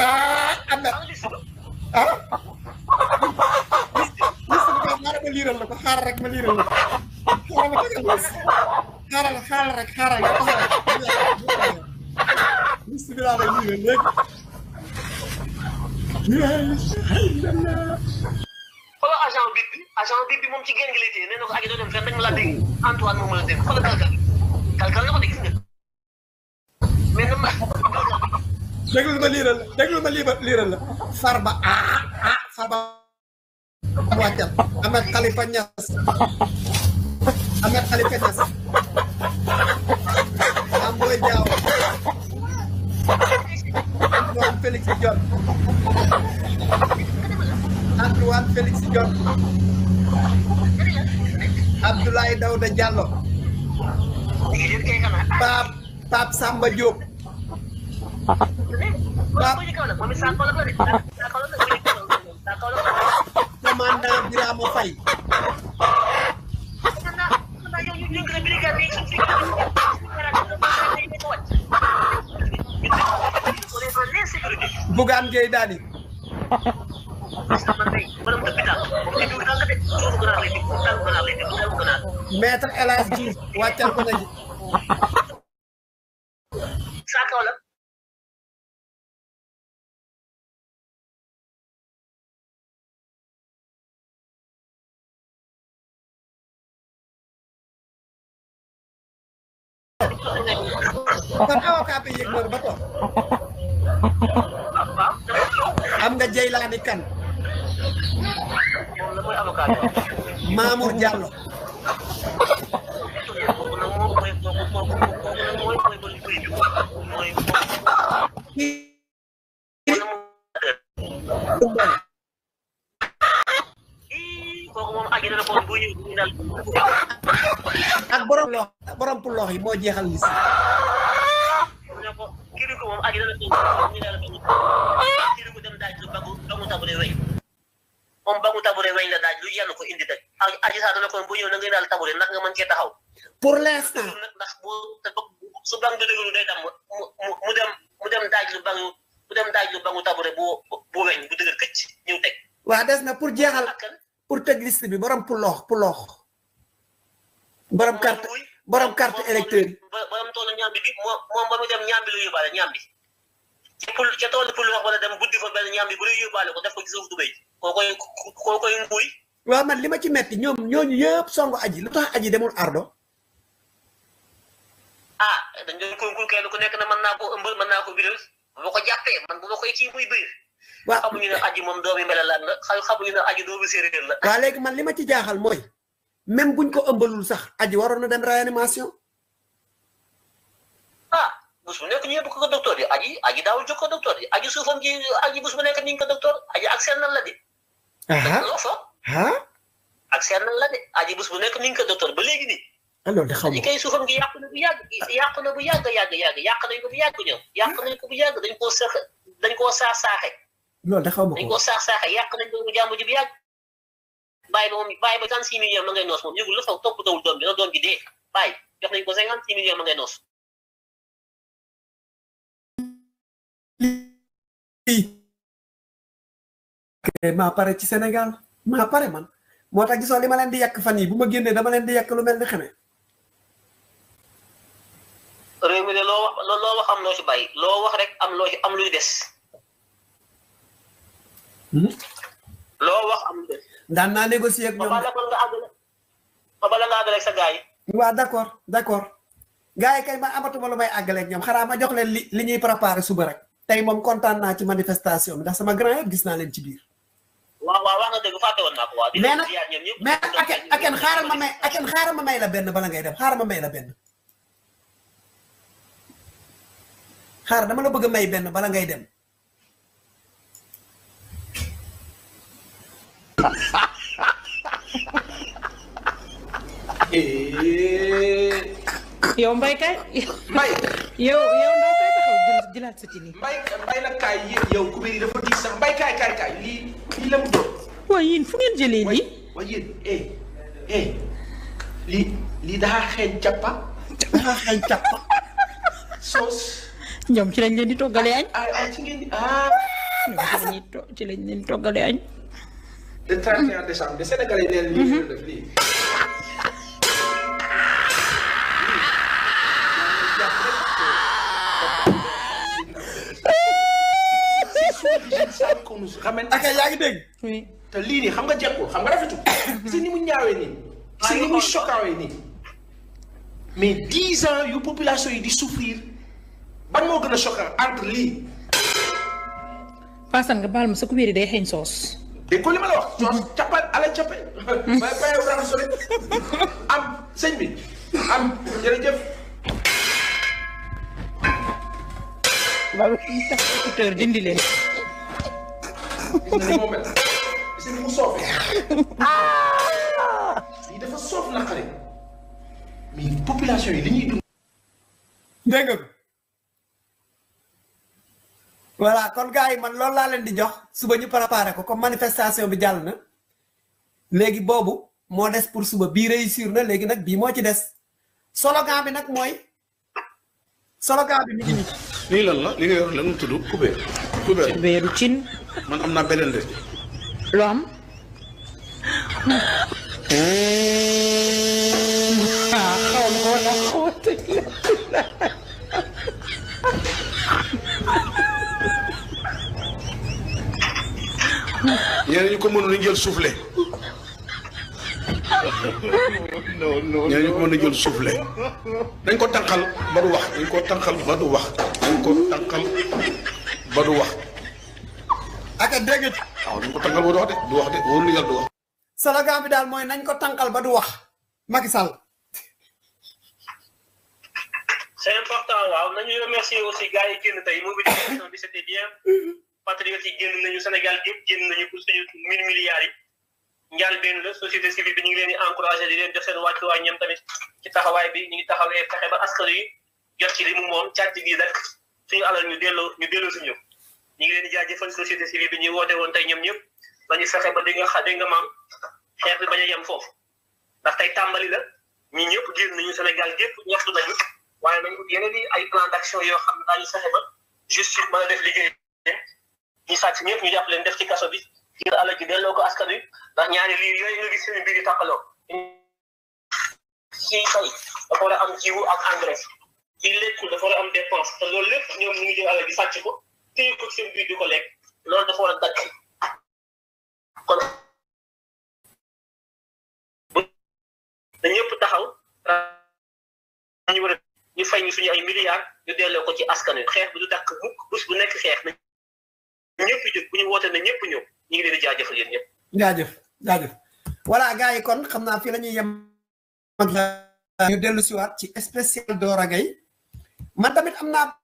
ah, Ahmed ah xaaral ma liiral la ko xaaral rek ma liiral la ko xaaral ma tegal la xaaral xaaral rek xaaral nga taxaw liste bi laa lay liiral léegi. xoolal agent bip bi agent bip bi moom ci génn gi lay téye nee na ko aji doo dem fenn dañ ma laa dégg Antoine moom la dégg xoolal kalkal kalkal nga ko de gis nga mais na ma déglu ma liiral la déglu ma liiral la farba ah ah farba mu wàccal Ahmad Khalifanyas. Ahmad Khalifanyas. Amboy Diaw. Antoine Felix John. Ah, Antoine Felix John. Abdoulaye Daouda Diallo. Pap Pap Samba Diop. Pap bukan kay dali meter LSG wajar punya kon avocat yi yëg loolu ba toog am nga Jeylaani kan Mamour Diallo ak borom loxo borom pulox yi moo jeexal li si kiriku moom aji dana tudd ñu ne la tudd kiriku dem la daaj lu yenn ko indi daj aji saa dana na ngay daal tabure nag nga mën cee taxaw pour l'instant ndax su bang du déglu day dam mu dem mu dem daaj lu bagu mu dem daaj lu bagu tabure bu bu weñ bu dëgër këcc ñëw teg waa des na pour jeexal pour teg liste bi borom pour loox pour loox borom carte électeur yi. borom toolu ñaam bi bi moom moom ba mu dem ñaam bi la yóbbaale ñaam bi ci pul ca toolu pul wax wala dem buddi fa benn ñaam bi bu la ko def ko ci suuf dubéy koo koy koo nguuy. waaw man li ma ci metti ñoom ñooñu yëpp songu aji lu tax aji demul ardo. ah dañ doon concours kenn ku nekk na mën naa koo ëmbal mën naa ko biral bu ma ko jàppee man bu ma koy kii muy biir. waaw xamuñu ne aji moom doomi melalaan la xamuñu ne aji doomi séeréer la. waaw léegi man li ma ci jaaxal mooy. même buñ ko ëmbalul sax aji waroon na dem réanimation. ah bés bu nekk ñu yóbbu ko docteur yi aji aji daawul jóg ko docteur yi aji suufam ji aji bés bu nekk ni ko docteur aji ak seen nan la di. Ah, ah. loo foog. Ah? ak seen nan la di aji bés bu nekk ni ñu ko docteur ba léegi nii. alors de xamul kay suufam gi na bu yàgg yàq na bu yàgg yàgg yàgg yàq nañ ko bu yàgg ñoom. yàq nañ ko bu yàgg dañ koo sax dañ koo saax saaxe. loolu de xamul dañ koo saax saaxe yàq nañ ko bu jàmm ji bu yàgg. bàyyi ba moom bàyyi ba cinquante six millions ma ngay noos moom yëgul la sax toppatawul doom bi na doom bi dee bàyyi jox nañ ko cinquante six millions ma ngay noos maa pare ci Sénégal maa pare man moo tax gisoo li ma leen di yàq fan yi bu ma génnee dama leen di yàq lu mel ni xamee loo wax am loo ci bàyyi loo wax rek am loo ci am luy hmm? am luy des daan naa négocier ak ñoom ba bala nga àggale sa gaay waaw d'accord d'accord gaay kay ma amatuma lu may àggale ak ñoom xanaa ma jox leen li li ñuy préparer suba rek tey moom kontaan naa ci manifestation bi ndax sama grand yëpp gis naa leen ci biir waaw waaw wax nga dëgg fàtte woon naa ko waaw mais nag mais aken aken xaaral ma may aken xaaral ma may la benn bala ngay dem xaaral ma may la benn xaar dama la bëgg may benn bala ngay dem Eh. yow mbay kay. yow yow sa ci nii. mbay kaay sax mbay kaay kaay kaay lii lii la mu doon. waaye fu ngeen jëlee lii. Eh, eh, lii lii daa xeeñ cappa daa xeeñ cappa soos. ñoom ci lañ leen di toggalee añ. Ah, ah, ci ah. ñoom ci lañ leen di toggalee añ. le 31 lii. ak yaa ngi te lii nii xam nga jekkul xam nga rafetul. si ni mu ñaawee nii. si ni mu choquawee nii. mais dix yu population yi di souffrir ban moo gën a choquant entre lii. Fassane nga baal ma sa ku wéri day xeeñ soos. dégg li ma la wax. coon mhm. cappaat ala cappe. waaye Baye Ibrahima Sole am sëñ bi am jërëjëf. waaw tax dindi leen. gis nga ni moo mel. gis nga ni mu soofee. Ah! lii dafa soof naqare. mais population yi li ñuy dund. dégg nga. voilà kon gars yi man loolu laa leen di jox suba ñu préparé ko comme manifestation bi jàll na léegi boobu moo des pour suba bii réussir na léegi nag bii moo ci des slogan bi nag mooy slogan bi mi ngi lii lan la li nga yor lan mu tudd kubéer. kubéer kubéeru cin. man ñene ñu ko mënu ñu jël soufflé ñene ñu ko mënu jël soufflé dañ ko tankal ba du wax dañ ko tankal ba du wax dañ ko tankal ba du wax ak dégg waaw dañ ko tankal ba du wax de du wax du wax bi nañ ko tankal ba du wax Macky Sall c'est important waaw nañu remercier aussi gars yi bi c'était bien patriotes yi génn nañu Sénégal yëpp génn nañu pour suñu mille milliards yi njaal benn leen di encouragé leen jox seen wàccuwaay ñoom tamit ci taxawaay bi ñu ngi taxawee fexe moom càcc gi nag suñu alal delloo ñu delloo suñu ñu ngi leen di jaajëfal société civile bi ñuy woote woon tey ñoom ñëpp dañuy fexe ba nga xa di nga maam a yem foofu ndax tàmbali la ñun ñëpp génn nañu Sénégal gépp ñaxtu nañu waaye nañu yeneen i ay plan yoo xam ne daañu fexe ba justice mën a def liggéey ñi sàcc ñëpp ñu jàpp leen def ci kaso bi jël alal ji delloo ko askan wi ndax ñaari lii yooyu nga gis seen mbir yi tàqaloo a am jiwu engrais ci lekk am dépense loolu lépp ñoom ñu ngi jël alal ji sàcc ko ko seen biir ko lekk loolu dafa war a dagg kon da ñëpp taxaw ñu ñu fay ñu suñu ay milliards ñu delloo ko ci askan wi xeex bi du dàkk mukk bés bu nekk xeex nañ ñëpp jóg bu ñu woote ne ñëw ñu ngi leen di jaajëfal yéen ñëpp. jaajëf jaajëf voilà gars yi kon xam naa fii la ñuy yem ñu dellu si waat ci spécial Dora Gaye man tamit am naa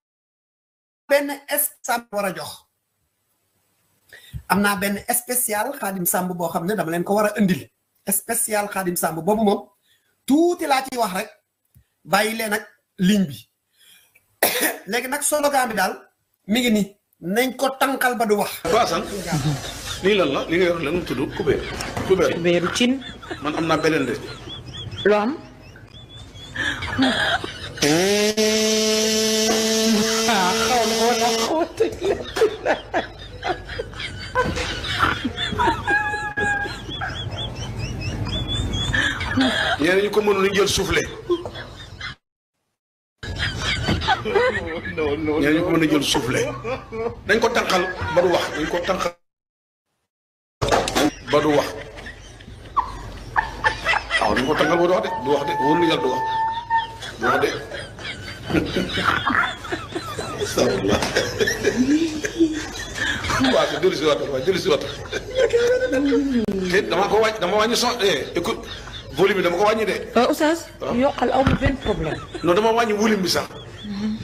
benn spécial jox am naa benn spécial Xaadim Samb boo xam ne dama leen ko war a indil spécial Xaadim Samb boobu moom tuuti laa ciy wax rek bàyyi leen ak ligne bi léegi nag slogan bi daal mi ngi nii nañ ko tankal ba du wax basan li lan la li nga yor lan tuddu kubéer kubéer kubéeru cin man amna benen de lo am ñene ñu ko mënu ñu jël soufflé ñooñu ko mën a jël soufflé dañ ko tànqal ba du wax dañ ko tànqal ba du wax waaw dañ ko tànqal ba du wax de du wax de wóor na yàlla du dama ko dama eh écoute volume dama ko wañi de. oustaz. Eh, yokkal aw ma benn problème. non dama wañi volume bi sax. Hmm.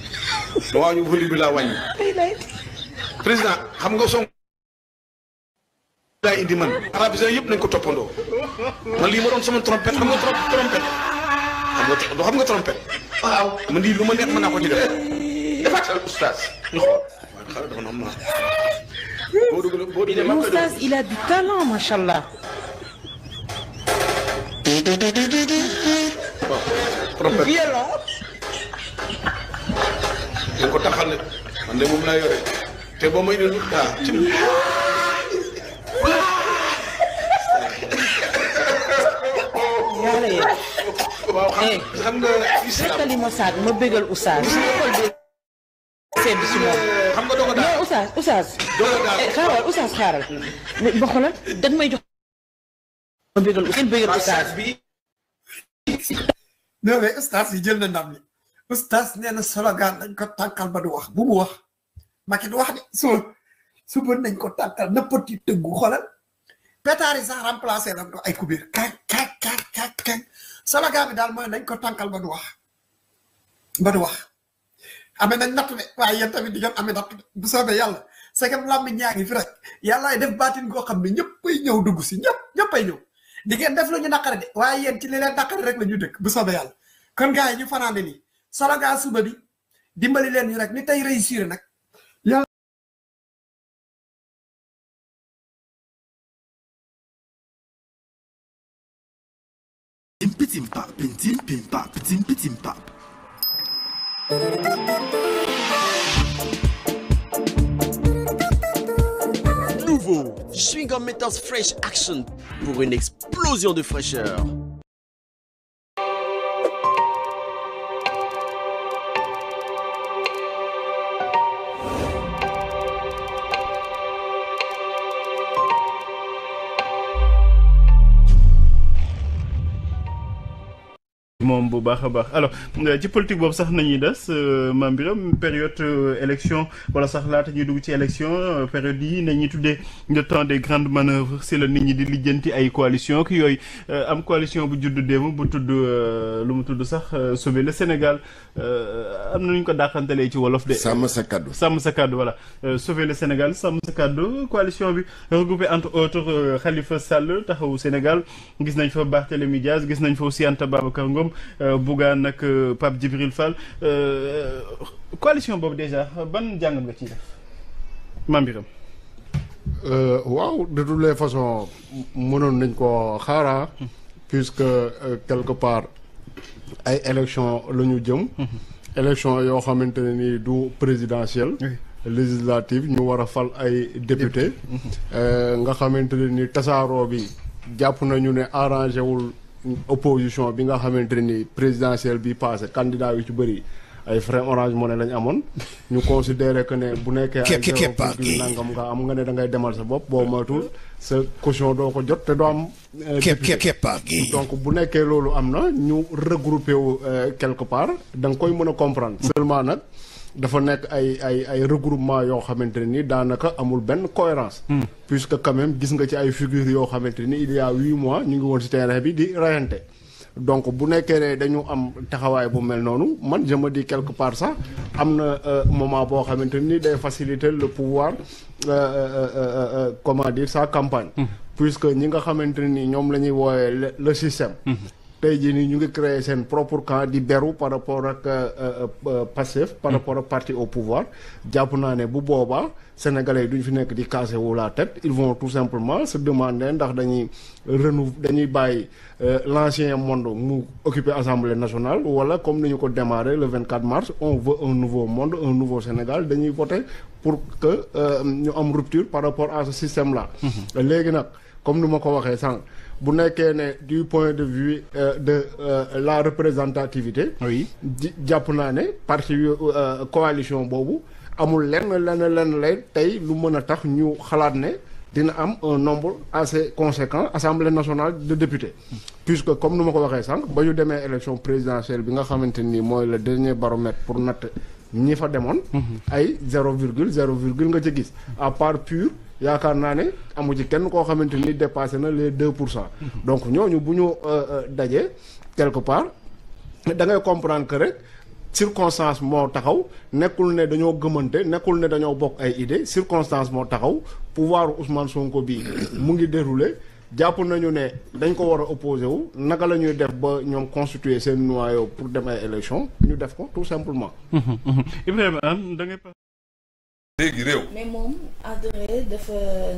dama wàññi volume bi la wañi président xam nga son laa indi man. arabisant yep nañ ko topando man li ma don sama trompette xam nga trompette. xam nga xam nga trompette. waaw man lii luma neex manako ci def. Eh, oustaz ñu xol dama oustaz il a du talent machallah. trompette violon. di ko taxal ne man de moom laa yore te boo may déglu ah ci. yàlla yéen. waaw xam eh, nga islam fekkali ma saag ma bégal oustaz. sedd si moom. Eh, xam nga doog a daal mais oustaz oustaz. doog a daal eh, xaaral oustaz xaaral. ba xoolal danga may jox. بيقول بيقول استاذ non mais oustaz yi jël na ndam li oustaz nee na slogan nañ ko tànkal ba du wax bu mu wax Macky du wax de su suba nañ ko tànkal na petit tëggu xoolal pétard yi sax remplacé nañ ko ay kubéer kañ kañ kañ kañ kañ slogan bi nañ ko tànkal ba du tamit bu fi rek def dugg si ñëpp ñëppay ñëw di ngeen def luñu nakar de waye yeen ci li leen naqari rek lañu ñu dëkk bu soobee yalla kon gaay ñu ñu ni nii ga suba bi dimbali leen ñu rek ni tay réussir Pitim pap, pitim pap, pitim pitim pap. Swing Chewing Metals Fresh Action pour une explosion de fraîcheur. moom bu baax a baax alors euh, ci politique boobu sax nañuy des euh, maam Birame période euh, élection wala sax laata ñuy dugg ci élection période yi nañuy tuddee le temps des grandes manœuvres si la nit ñi di lijjanti ay coalition qui yooyu am coalition bu judd démb bu tudd lu mu tudd sax sauver le Sénégal am na ñu ko dàqantelee ci wolof de. sàmm sa kaddu sàmm sa kaddu voilà sauver le Sénégal sàmm sa kaddu coalition bi regroupé entre autres Khalifa Sall taxawu Sénégal gis nañ fa Barthélémy Diaz gis nañ fa aussi Anta Babacar Ngom euh, Bougane nag euh, Pape Djibril Fall euh, coalition bob déjà ban jàngat nga ci def Mame euh waaw de toutes les façons mënoon nañ ko xaaraa ah, hum. puisque quelque part ay élection la ñu jëm hum, hum. élection yoo xamante ni du présidentiel législative ñu wara fal ay députés euh nga xamanteni ne ni tasaaroo bi japp nañu ne arrangé wul opposition bi nga xamante ni présidentielle bi passé candidat yu ci bëri ay frein orange money lañ amoon ñu considéré que ne bu nekkee ay nangam nga am nga ne da ngay demal sa bopp boo moytul sa caution doo ko jot te doo am euh, donc bu nekkee loolu am na ñu regroupé wu euh, quelque part da nga koy mën a comprendre mm. seulement nag dafa nek ay ay ay regroupement yo cohérence hmm. puisque quand même gis nga ci ay il y a huit mois ñu ngi ci terrain bi di donc bu dañu am je quelque part ça euh, faciliter le pouvoir euh, euh, comment dire sa campagne hmm. puisque nous nga le système hmm tey ñu propre camp di par rapport ak euh, euh, euh, passif par mm. rapport au parti au pouvoir Les n'a bu boba sénégalais duñ fi di la tête ils vont tout simplement se demander ndax dañuy dañuy l'ancien monde mu occuper assemblée nationale wala comme nous ko démarré le 24 mars on veut un nouveau monde un nouveau Sénégal dañuy voter pour que ñu am rupture par rapport à ce système là mm-hmm. comme nous ko waxé sans bu du point de vue euh, de euh, la représentativité. oui jàpp naa ne euh, coalition Bobu, amul len lenn l'année lay tey lu mën tax ñu xalaat ne dina un nombre assez conséquent assemblée nationale de députés. puisque comme nous ma ko waxee sànq ba ñu demee élection présidentielle bi nga ni le dernier baromètre pour notre ñi fa monde mhm. ay zéro nga ci à part pur yaakaar naa ne amu ci kenn koo xamante ni dépassé na les deux pour cent mhm. donc ñooñu bu ñu euh, euh, d'ajé quelque part da ngay comprendre que rek circonstance moo taxaw nekkul ne dañoo gëmante nekkul ne dañoo bokk ay idée circonstance moo taxaw pouvoir Ousmane Sonko bi mu ngi déroulé jàpp nañu ne dañ ko war a opposé wu naka la ñuy def ba ñoom constituer seen noyau pour dem ay élection ñu def ko tout simplement mhm, mhm. Ibrahima da ngay léegi réew. mais moom adhéré dafa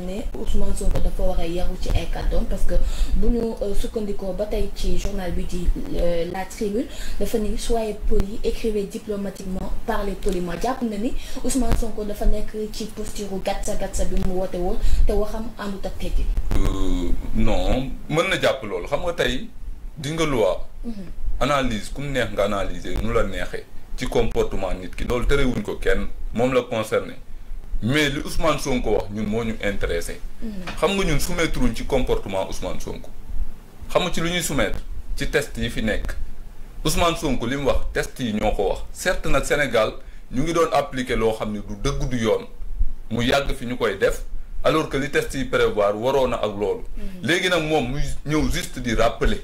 ne Ousmane Sonko dafa war yaru ci ay parce que bu ñu euh, sukkandikoo ba ci journal bi euh, La Tribune dafa ni soyez poli écrivez diplomatiquement parlez poliment jàpp na ni Ousmane Sonko dafa nekk ci posture gatsa gatsa bi mu woote won te waxam àndut ak teggi. Euh, non meun na japp loolu xam nga tay di nga loi. Mhm. analyse kum neex nga analyser nu la nexé ci comportement nit ki téré wuñ ko kenn mom la concerner mais li Ousmane Sonko wax ñun moo ñu intéressé. xam nga ñun soumettre ci comportement Ousmane Sonko. xam nga ci lu ñuy soumettre ci test yi fi nekk Ousmane Sonko lim wax test yi ñoko wax certes nak Sénégal ñu ngi doon appliqué lo xamni du deug du yoon mu yàgg fi ñukoy def alors que li test yi prévoir warona ak loolu. Mm-hmm. légui nak mom muy juste di rappeler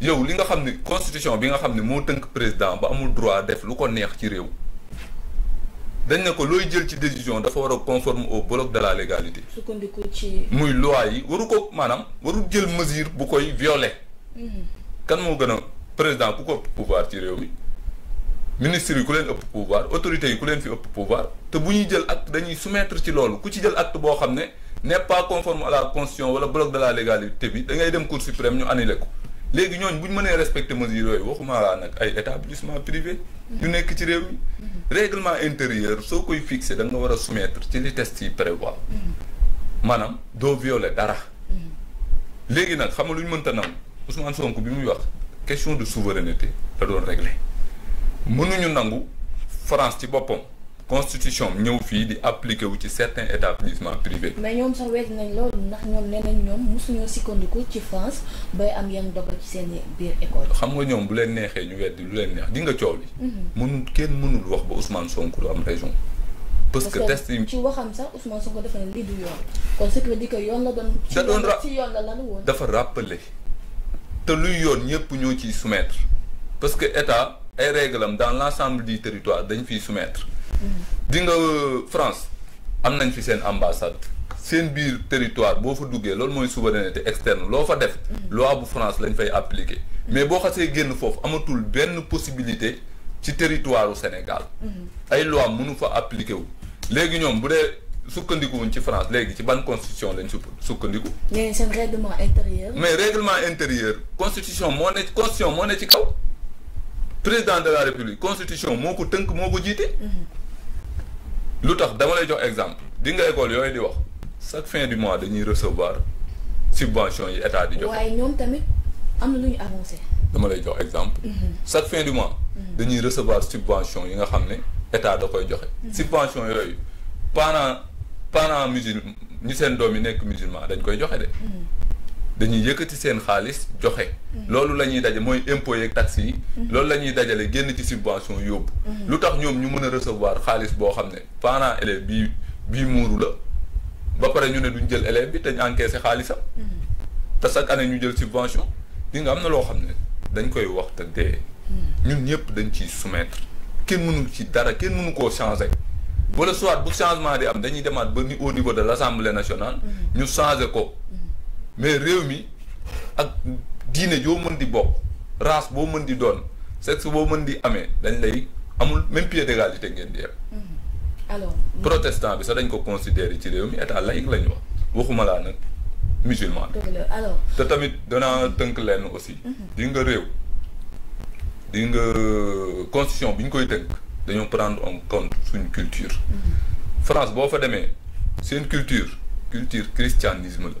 yow li nga xamni constitution bi nga xamni mo teunk président ba amul droit def lu ko neex ci réew dañ ne ko loy jël ci décision dafa war a conforme au bloc de la légalité. muy loi yi waru ko maanaam waru jël mesure bu koy violer. Hmm. kan moo gën a président ku ko ëpp pouvoir ci réew mi ministre yi ku leen ëpp pouvoir autorité yi ku leen fi ëpp pouvoir te bu ñuy jël acte dañuy soumettre ci loolu ku ci jël acte boo xam ne n'est pas conforme à la constitution wala bloc de la légalité bi da ngay dem cour suprême ñu annulé ko léegi ñooñu bu ñu mënee respecté mesures yooyu waxuma laa nag ay établissement privé yu nekk ci réew mi règlement intérieur soo koy fixé da nga war soumettre ci li test yi prévoir maanaam doo violer dara léegi nag xam nga lu ñu mënta nangu Ousmane Sonko bi wax question de souveraineté la régler. réglé mënuñu nangu France ci boppam constitution ñeu fi di appliquer wu ci certains établissements privés. mais ñom sax wedd nañ lool ndax ñom nee ñom musu mosuñoo sukkandiku ci France bay am yenn dogal ci seen biir école. xam nga ñom bu leen nexé ñu weddi lu leen nex di nga coow li. mënul mhm. kenn mënul wax ba Ousmane Sonko du am région parce que test ci waxam sax Ousmane Sonko dafa ne du yoon kon ce que veut que yoon la doon. ci yoon la lan won dafa rappeler te luy yoon ñepp ñoo ci soumettre parce que état ay réglam dans l'ensemble du territoire dañ fi soumettre di euh, France am nañ fi sen ambassade sen bir territoire bo fa duggee loolu moy souveraineté externe lo fa def mm-hmm. loi bu France lañ fay appliquer mm-hmm. mais bo xasee génn foofu amatul ben possibilité ci territoire Sénégal mm-hmm. ay loi mënu fa appliquer wu léegi ñoom bu dee sukkandikuwuñ ci France légui ci ban constitution lañ su sukkandiku. mais seen règlement intérieur. mais règlement intérieur constitution moo constitution moo ci kaw président de la république constitution moko teunk moko jité ko jiite. L'autre, je vous lay un exemple école chaque fin du mois dañuy recevoir subvention de état de jox. exemple. chaque fin du mois. dañuy recevoir subvention yi nga état da mhm. subvention pendant pendant musulmans dominés musulman dañuy yëkkati seen xaalis joxe. Mhm. loolu la ñuy daje mooy impôt yeeg taxes yi. Mhm. loolu la ñuy dajale génn ci subvention yóbbu. Mhm. lu tax ñoom ñu mën a recevoir xaalis boo xam ne parent élève bii bii muuru la ba pare ñu ne duñ jël élève bi te ñu encaissé xaalisam. te chaque année ñu jël subvention di nga am na loo xam ne dañ koy wax te ñun ñëpp dañ ciy soumettre kenn mënu ci dara kenn mënu koo changer. wala soit bu changement di am dañuy demaat ba ni au niveau de l' assemblée nationale. ñu changer ko. mais réew ak diine jo mën di bok race bo mën di don sexe bo mën di amé dañ lay amul même pied d'égalité ngeen di yem. Mm-hmm. alors protestant bi sa dañ ko considérer ci réew état laïque la wax waxuma laa nag musulman alors te tamit danaa tënk lenn aussi. Mm-hmm. di nga réew di nga euh, constitution biñ koy tënk dañoo prendre en compte suñu culture. Mm-hmm. France boo fa demee seen culture culture christianisme la.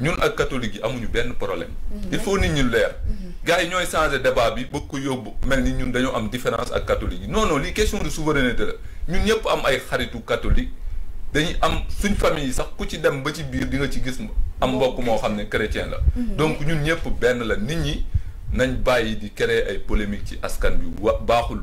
ñun ak catholique yi amuñu benn problème. Mm-hmm. il faut nit ñu leer. Mm-hmm. gars yi ñooy changer débat bi bëgg ko yóbbu. mel ni ñun dañoo am différence ak catholique yi non non lii question de souveraineté la ñun ñëpp am ay xaritu catholique dañuy am suñ famille yi sax ku ci dem ba ci biir di nga ci gis am mbokk moo xam ne chrétien la. Mm-hmm. donc ñun ñëpp benn la nit ñi nañ bàyyi di créer ay polémique ci askan bi wa baaxul.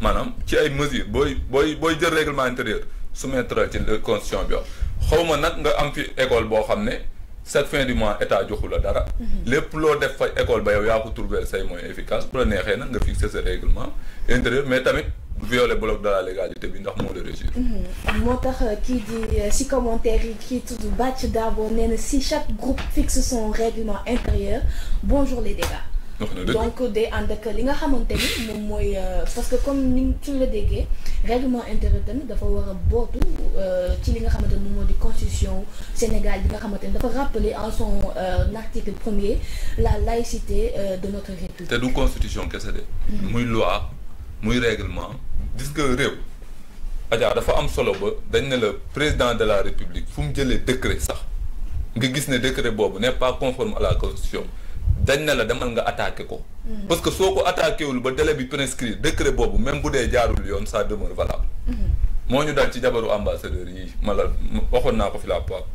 y ci ay mesures boy boy, boy, jël règlement intérieur soumettre ci constitution bi wax xaw ma nga am fi école bo xamné cette cette fin du mois état joxula la dara. Mhm. lepp lo def fa école ba yow ya ko trouver say moyens efficace pour nexé nak nga fixer ce règlement intérieur mais tamit. violer bloc de la légalité bi ndax mo le réussir. motax mhm. père, euh, di euh, si commentaire qui tout tudd d'abord né si chaque groupe fixe son règlement intérieur bonjour les dégâts donc des ànd que li nga xamanteni ni moom euh, parce que comme ni suñ la déggee règlement intérieur tamit dafa war a bootu euh, ci li nga xamante moom constitution Sénégal bi nga xamante dafa rappeler en son euh, article premier la laïcité de notre république. te du constitution kese de. Mm-hmm. muy loi muy règlement. gis nga réew. aja dafa am solo ba dañ ne la président de la république fu mu décret sax nga gis ne décret boobu n'est pas conforme à la constitution dañ la demal nga attaquer ko. Mm-hmm. parce que soko ko wul ba délai bi prescrit décret bobu même bu dee jaarul yoon ça demeure valable. Mm-hmm. moo dal ci jabaru ambassadeur yi ma waxon nako naa ko fi la fois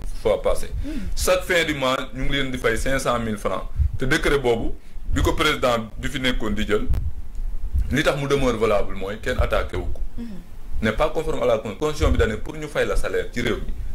ça mm-hmm. chaque fin du mois ñu ngi leen di fay francs te décret bobu biko le président du fi nekkoon di jël li tax mu demeure valable moy ken attaqué n'est pas conforme à la condition bi dañ pour ñu fay la salaire ci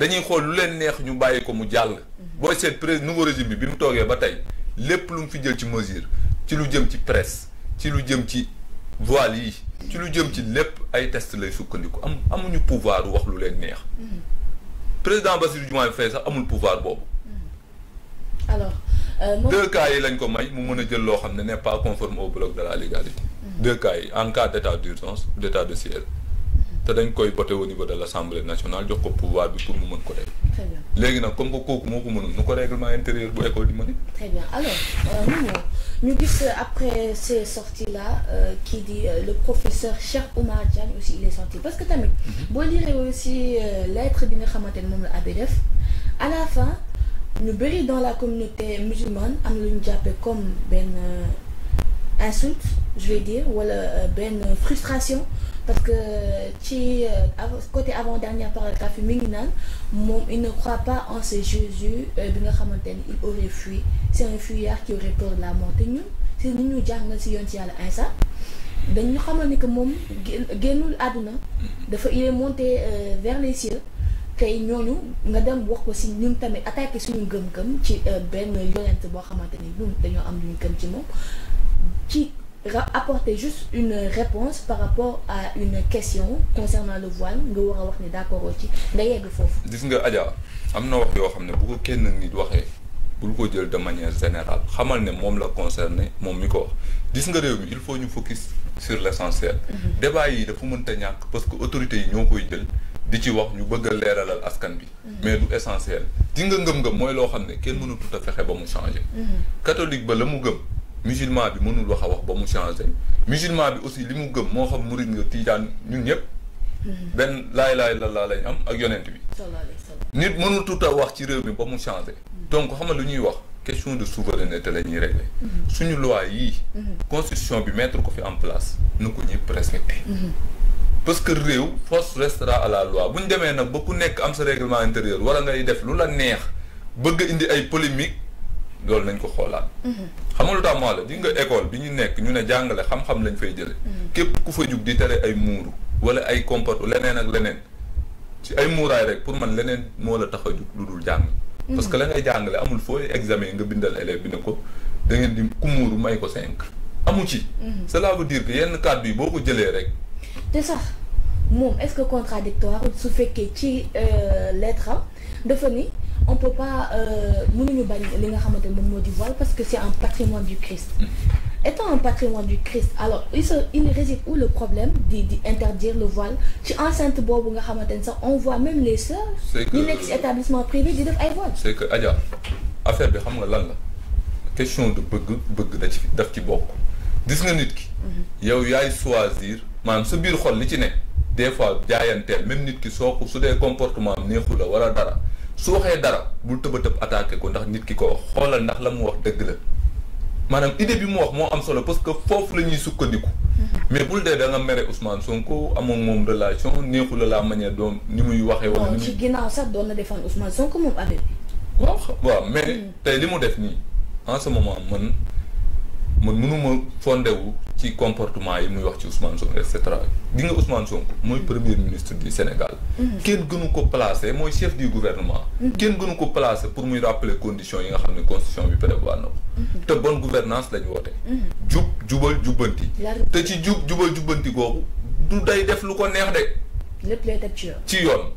dañuy xool lu leen neex ñu bàyyi ko mu jàll. booy seet presse nouveau régime bi bi mu toogee ba tey lépp lu mu fi jël ci mesure ci lu jëm ci presse ci lu jëm ci voile yi ci lu jëm ci lépp ay test lay sukkandiku am amuñu pouvoir wax lu leen neex. président Bassirou Diomaye Faye sax amul pouvoir boobu. alors. Euh, deux cas yi lañ ko may mu mën a jël loo xam ne n'est pas conforme au bloc de la légalité. Mm. deux cas yi en cas d' état d' urgence d' état de siège te dañ voté au niveau de l'assemblée nationale jox ko pouvoir bi pour mu mën ko def. très bien léegi comme que kooku moo ko mënul nu ko règlement intérieur bu école di mën. très bien alors euh, ñu euh, après ces sorties là euh, qui dit euh, le professeur Cher Omar Djan aussi il est sorti parce que tamit. vous mhm. lirez aussi euh, lettre d'une femme xamante ne la à la fin nous bëri dans la communauté musulmane à na lu ñu comme ben insulte je vais dire wala ben, frustration parce que ci euh, côté avant dernière paragraphe le café il ne croit pas en ce Jésus euh, bi nga xamante il aurait fui c'est un fuyard qui aurait peur de la montagne c'est nous si ni si on tient à ça dañu nous ni que moom génnul àdduna il est monté euh, vers les cieux tay ñooñu nga dem wax ko si ñun tamit attaqué suñu gëm-gëm ci benn yonent boo xamante ni ñun dañoo am lu ñu gëm ci moom ci apporter juste une réponse par rapport à une question concernant le voile nga wara wax ni d'accord aussi ci nga yegg foofu gis nga Adja amna wax yo xam bu ko kenn nit bu ko jël de manière générale xamal ne mom la concerné mom mi ko wax nga rew mi il faut ñu focus sur l'essentiel mhm. débat yi dafa mënta ñàkk parce que autorité yi ñoo koy jël di ci wax ñu bëgg a askan bi mhm. mais du essentiel di nga ngëm-ngëm mooy loo xam ne kenn mënatut a fexe ba mu changer mhm. catholique ba la mu gëm musulman bi mënul wax wax ba mu changé musulman bi aussi li mu gëm moo xam murid nga tiijaan ñun ñëpp mhm. benn laay laay la laa lañ am ak yonent bi nit mënul tout wax ci réew mi ba mu changé mhm. donc xam nga lu ñuy wax question de souveraineté la ñuy régler mhm. suñu loi yii constitution bi mettre ko fi en place na ko ñëpp respecté parce que réew force restera à la loi bu ñu demee nag ba ku nekk am sa règlement intérieur wala ngay def lu la neex bëgg indi ay polémique loolu nañ ko xoolaat. Mhm. xam nga lu tax moo la di nga école bi ñu nekk ñu ne jàngale xam-xam lañ fay jële mhm. képp ku fa jug di tere ay muuru wala ay comporte leneen ak leneen ci ay muuraay rek pour man leneen moo la tax a jug lu dul jàng. Mhm. parce que la ngay jàngale amul fooy examen nga bindal élève bi ne ko da ngeen di ku muuru may ko cinq. amu ci. cela veut dire que yenn kàddu yi boo ko jëlee rek. te sax moom est-ce que contradictoire su fekkee ci euh, lettre am dafa on peut pas euh, mënuñu bañ li nga xamante ne voile parce que c'est un patrimoine du Christ mm-hmm. étant un patrimoine du Christ alors il il réside où le problème d'interdire le voile Tu enceinte boobu nga on voit même les sœurs les établissements privés établissement privé di voile c'est que Adja affaire de xam nga lan la question de bëgg bëgg da ci daf ci y a nga nit ki mm-hmm. yow yaay choisir même ce biir xol li ci ne des fois jaayanteel même nit ki soo ko des des comportements neexu la dara su waxee dara bul tëb a tëb attaqué ko ndax nit ki ko wax xoolal ndax la mu wax dëgg la maanaam idée bi mu wax moo am solo parce que foofu la ñuy sukkandiku. Mm-hmm. mais bul dee da nga mere Ousmane Sonko amoon moom relation neexu la la manière doom ni muy waxee. wala ni muy ci ginnaaw sax doon na defaan Ousmane Sonko moom affaire bi. waaw waaw mais mm. tey li mu def nii en ce moment man. man mënuma fondé wu ci comportement yi muy wax ci Ousmane Sonko et cetera di nga Ousmane Sonko mooy premier ministre du Sénégal. Mm-hmm. kenn gënu ko placé mooy chef du gouvernement. Mm-hmm. kenn gënu ko placé pour muy rappeler conditions yi nga xam ne constitution bi prévoir na ko. Mm-hmm. te bonne gouvernance lañ woote. jub jubal jubbanti. te ci jub jubal jubbanti googu du day def lu ko neex de. lépp lay ci yoon. ci yoon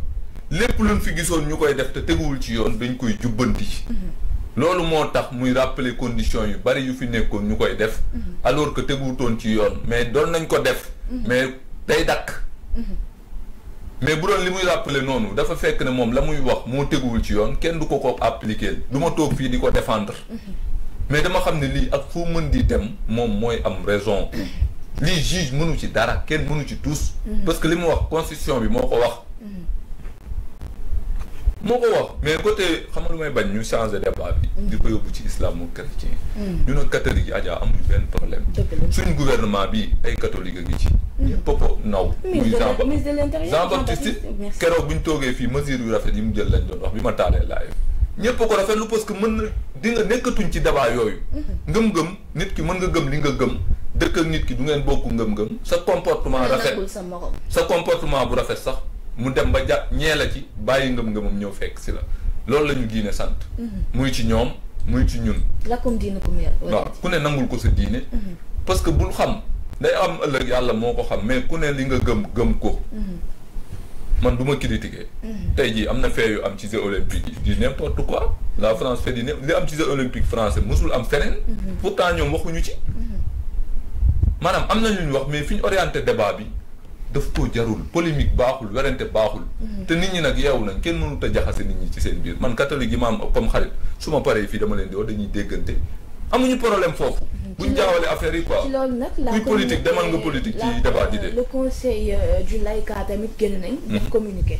lépp luñ fi gisoon ñu koy def te teguwul ci yoon dañ koy jubbanti. loolu moo tax muy rappeler conditions yu bari yu fi nekkoon ñu koy def. Mhm. alors que teguutoon ci yoon mais doon nañ ko def. Mhm. mais day dakk mhm. mais bu doon li muy rappeler noonu dafa fekk ne moom la muy wax moo teguwul ci yoon kenn du ko ko appliquer du ma toog fii di ko défendre. mais dama xam ne lii ak fu mën di dem moom mooy am raison. lii juge mënu ci dara kenn mënu ci tous. parce que li mu wax constitution bi moo ko wax. moo ko wax mais côté xam nga lu may bañ ñu changer débat bi. di ko yóbbu ci islamu chrétien. Hmm. ñu ne catholique yi Adja amuñu benn problème. suñ gouvernement bi ay catholique a ngi ci. Hmm. popo naw. muy Jean Baptiste keroog bi ñu toogee fii mesure yu rafet yi mu jël lañ doon wax bi ma taalee laay ñëpp ko rafet rafetlu parce que mën na di nekkatuñ ci débat yooyu. Hmm. ngëm-ngëm nit ki mën nga gëm li nga gëm. dëkk ak nit ki du ngeen bokk ngëm-ngëm. sa comportement rafet sa comportement bu rafet sax. mu dem ba jàpp ñee la ci bàyyi ngëm-ngëmam ñëw fekk si la loolu la ñu diine sant. Mhm. muy ci ñoom muy ci ñun. lakum diinukum waaw ku ne nangul ko sa diine. Mhm. parce que bul xam day am ëllëg yàlla moo ko xam mais ku ne li nga gëm gëm ko. Mhm. man du ma critiquer. tey jii am na fee yu am ci jeux olympiques yi. du n'importe la France fait di li am ci jeux olympiques français mosul am feneen. pourtant ñoom waxuñu ci. maanaam am na ñu wax mais fi ñu orienté débat bi. daf ko jarul polémique baaxul werante baaxul. Mm-hmm. te nit ñi nag yeewu nañ kenn mënut a jaxase nit ñi ci seen biir man catholique yi ma am comme xarit su ma paree fii dama leen di woo dañuy déggante amuñu problème foofu. Mm-hmm. buñ jaawale affaire yi quoi ci loolu nag la politique demal nga politique ci débat d'idées euh, le conseil euh, du laïcat tamit génn nañ. Mm-hmm. def communiqué.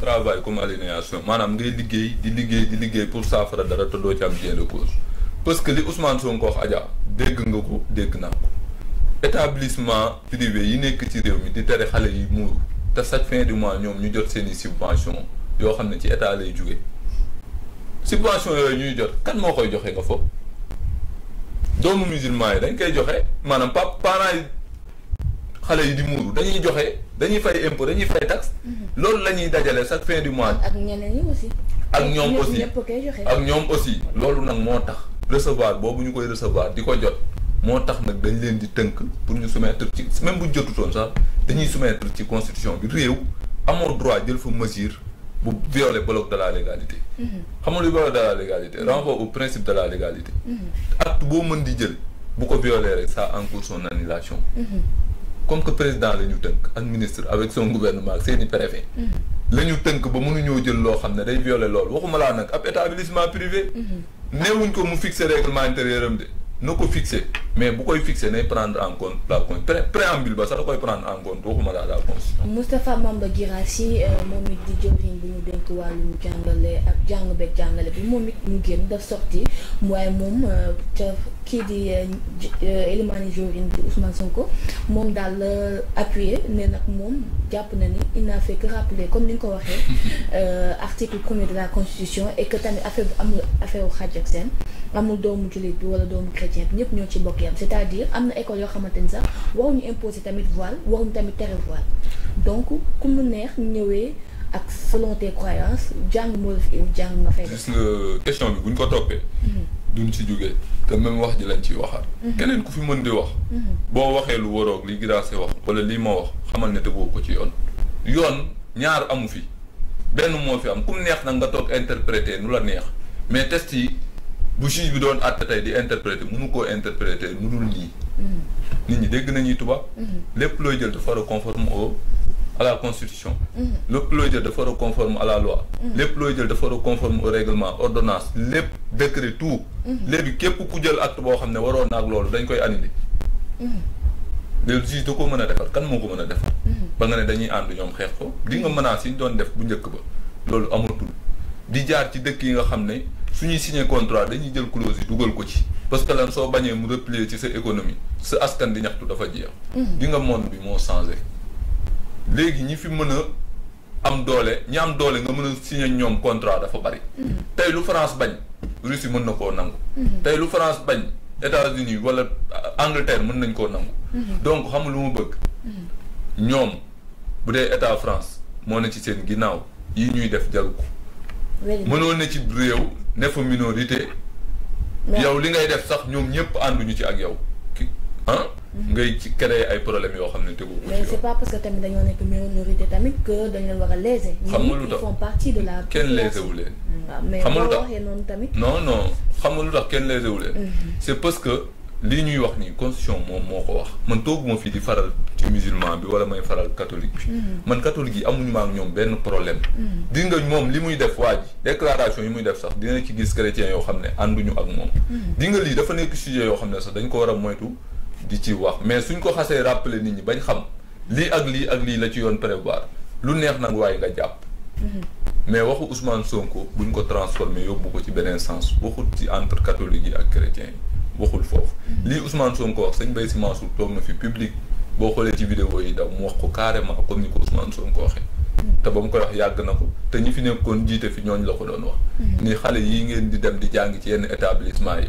travail comme aliénation maanaam ngay liggéey di liggéey di liggéey pour saafara dara te doo ci am gain de cause parce que li Ousmane Sonko wax dégg nga ko dégg naa ko établissement privé yi nekk ci réew mi di tere xale yi muuru te chaque fin de mois ñoom ñu jot seeni subvention yoo xam ne ci état lay jóge subvention yooyu ñuy jot kan moo koy joxe nga foofu doomu musulman yi dañ koy joxe maanaam pa xale yi di mourou dañuy joxé dañuy fay impôt dañuy fay taxe mhm. loolu lañuy dajalé chaque fin du mois. ak ñeneen yi aussi. ak ñom aussi ak ñom aussi. loolu nak mo tax recevoir bobu ñukoy recevoir diko jot mo tax nak dañ leen di teunk pour ñu soumettre ci même bu ñu jotutoon sax dañuy soumettre ci constitution bi réew amoo droit jël fa mesure bu violer bloc de la légalité. Mhm. xam nga lu bloc de la légalité mhm. renvoi au principe de la légalité. acte bo mën di jël bu ko violer rek ça encourt son annulation comme que président la ñu tënk ak ministre avec son gouvernement ak seen préfet mhm. la ñu tënk ba mënuñoo jël loo xam ne day violer loolu waxuma laa nag ab établissement privé mhm. neewuñ ko mu fixer règlement intérieur de na ko fixer mais bu koy fixer nay prendre en compte la con préambule ba sax da koy prendre en compte waxuma laa la constitution Moustapha Mamba Guirassy euh, moom it di jëwriñ bu ñu dénk wàllum jàngale ak jàng beeg jàngale bi moom it mu génn daf sorti waaye moom euh, qui di euh, euh, Elimane Diorine di Ousmane Sonko moom dal la euh, appuyé ne nag moom jàpp na ni il n'a fait que rappeler comme ni nga ko waxee article premier de la constitution et que tamit affaire bu affaire wu xaaj ak seen amul doomu jullit bi wala doomu chrétien ñep ñëpp ñoo ci bokk yam c'est-à-dire amna école yo xamanteni sax waaw ñu imposer tamit voile waruñu tamit terre voile donc ku mu neex ñëwé ak selon tes croyances jàng moo la fi jàng nga fay. question bi buñ ko topé duñ ci jógee te même wax ji lañ ciy waxaat. Mhm. keneen ku fi mën di wax. Mhm. boo waxee lu waroog li Guirassy wax wala lii ma wax xamal ne tegoo ko ci yoon. yoon ñaar amu fi benn moo fi am kum neex nag nga toog interpréter nu la neex mais test yi bu juge bi doon àtte tey di interpréter mënu koo interpréter mënul nii. Mhm. nit ñi dégg nañuy tubaab. lépp looy jël dafa war a conforme au. à la constitution le looy de foro conforme à la loi le looy de foro conforme au règlement ordonnance les décret tout les képp ku acte ne de na dañ le juge ko a kan a dañuy fait quoi? ko di menace doon def bu ba di jaar ci dëkk contrat clause parce que lan sur l'économie, c'est replier ci économie fait tout à fait dire. D'une nga monde bi léegi ñi fi mën a am doole ñi am doole nga mën a signé ñoom contrat dafa bari. Mm-hmm. tey lu France bañ Russie mën na koo nangu. Mm-hmm. tey lu France bañ États-Unis wala Angleterre mën nañ koo nangu. Mm-hmm. donc xam lu mu bëgg. ñoom bu dee état France moo ne ci seen ginnaaw yi ñuy def jaru ko. mënoo ne ci réew ne fa minorité. yow li ngay def sax ñoom ñëpp ànduñu ci ak yow. Hein? ngay ci créer ay problèmes yoo xam ne ko mais c'est pas parce que tamit dañoo nekk minorité tamit que dañu leen war a léser. xam nga font partie de la. Ken léser wu leen. waaw mais boo tamit. non non xam nga ken tax léser wu leen. Mhm. c'est parce que lii ñuy wax ni constitution moom moko wax. man tooguma fi di faral ci musulman bi wala may faral catholique bi. Mhm. man catholique yi amuñu ma ak ñom benn problème. di mhm. nga mom li muy def waji, déclaration yi muy def sax dina ci gis chrétien yo xamné anduñu ak mom. di nga li dafa nek sujet yo xamné sax dañ ko wara moytu di ci wax mais suñ ko xasee rappeler nit ñi bañ xam lii ak lii ak lii la ci yoon prévoir lu neex nag waaye nga jàpp. Mhm. mais waxu Ousmane Sonko buñ ko transformé yóbbu ko ci beneen sens waxul ci entre catholique yi ak chrétien yi waxul foofu. Mhm. lii Ousmane Sonko wax sëñ Mbaye Sy Mansour toog na fi public boo xoolee ci vidéo yi daw mu wax ko carrément comme ni ko Ousmane Sonko waxee. Mhm. te ba mu koy wax yàgg na ko te ñi fi nekkoon jiite fi ñooñ la ko doon wax. ni xale yi ngeen di di jàng ci yenn établissement yi.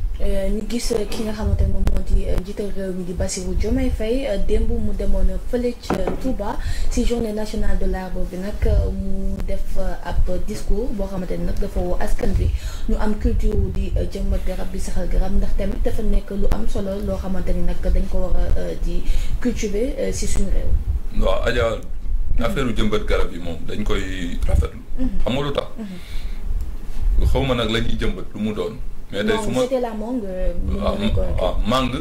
Euh, ñu gis euh, ki nga xamante ne moom moo di euh, jiital réew mi di Bassirou Diomaye Faye démb mu demoon fële ca Touba si journée nationale de l'arbre bi nag mu def ab discours boo xamante ne nag dafa woo askan bi ñu am culture di jëmbat garab bi saxal garab ndax tamit dafa nekk lu am solo loo xamante ni nag dañ ko war a di cultiver si suñu réew. waaw Adja affaire jëmbat garab yi moom dañ koy rafetlu. Mhm. xam nga lu tax. Mhm. xaw ma nag la ñuy jëmbat lu mu doon. mais tey su ma euh, ah, ah, ah, waaw mangue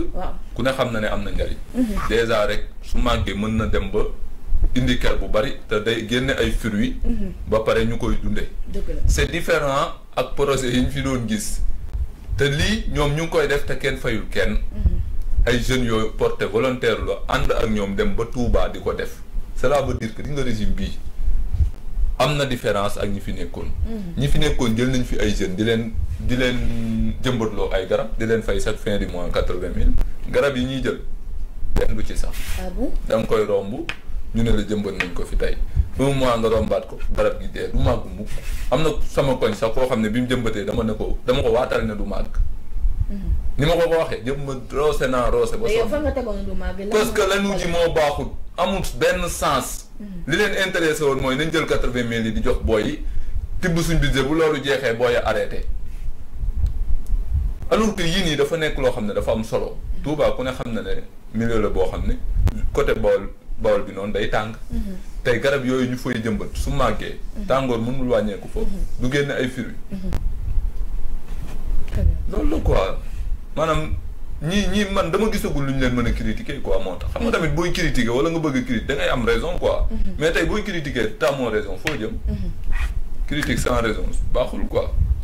ku ne xam na ne am na njariñ mhm. dèjà rek su manqué mën na dem ba indi ker bu bari te day génne ay fruits mhm. ba pare ñu koy dundee c'est différent ak projet yi ñu fi doon gis te lii ñoom ñu ngi koy def te kenn fayul kenn mhm. ay jeunes yooyu porté volontaire la ànd ak ñoom dem ba Touba di ko def cela veut dire que di nga régime bii amna différence ak ñi fi nekkoon. ñi fi nekkoon jël nañ fi ay jeune di leen di leen jëmbatloo ay garab di leen fay chaque fin du mois quatre vingt mille garab yi ñuy jël benn du ci sax. Ah da nga koy romb ñu ne la jëmbat nañ ko fi tey un mois nga rombaat ko garab gi dee du màgg mukk am na sama koñ sax koo xam ne bi mu jëmbatee dama ne ko dama ko waatal ne du màgg. Mhm. ni ma ko ko waxee jëm ma roose naa roose. ba sonn parce que lañu ji moo baaxul amul benn sens. li leen intéressé woon mooy nañ jël quatre-vingt mille yi di jox booy yi tibb suñ budget bu loolu jeexee booy arrêté alors que yii nii dafa nekk loo xam ne dafa am solo. Touba ku ne xam na ne milieu la boo xam ne côté Bawol Bawol bi noon day tàng. tey garab yooyu ñu fooy jëmbat su màggee. tàngoor mënul wàññeeku foofu. du génn ay fruits. loolu la quoi maanaam. ñii ñii man dama gisagul lu ñu leen mën a critiquer quoi moo tax xam nga tamit booy critiquer wala nga bëgg a critiquer da ngay am raison quoi mm-hmm. mais tey booy critiquer t'amoo raison foo jëm mm-hmm. critique sans raison baaxul quoi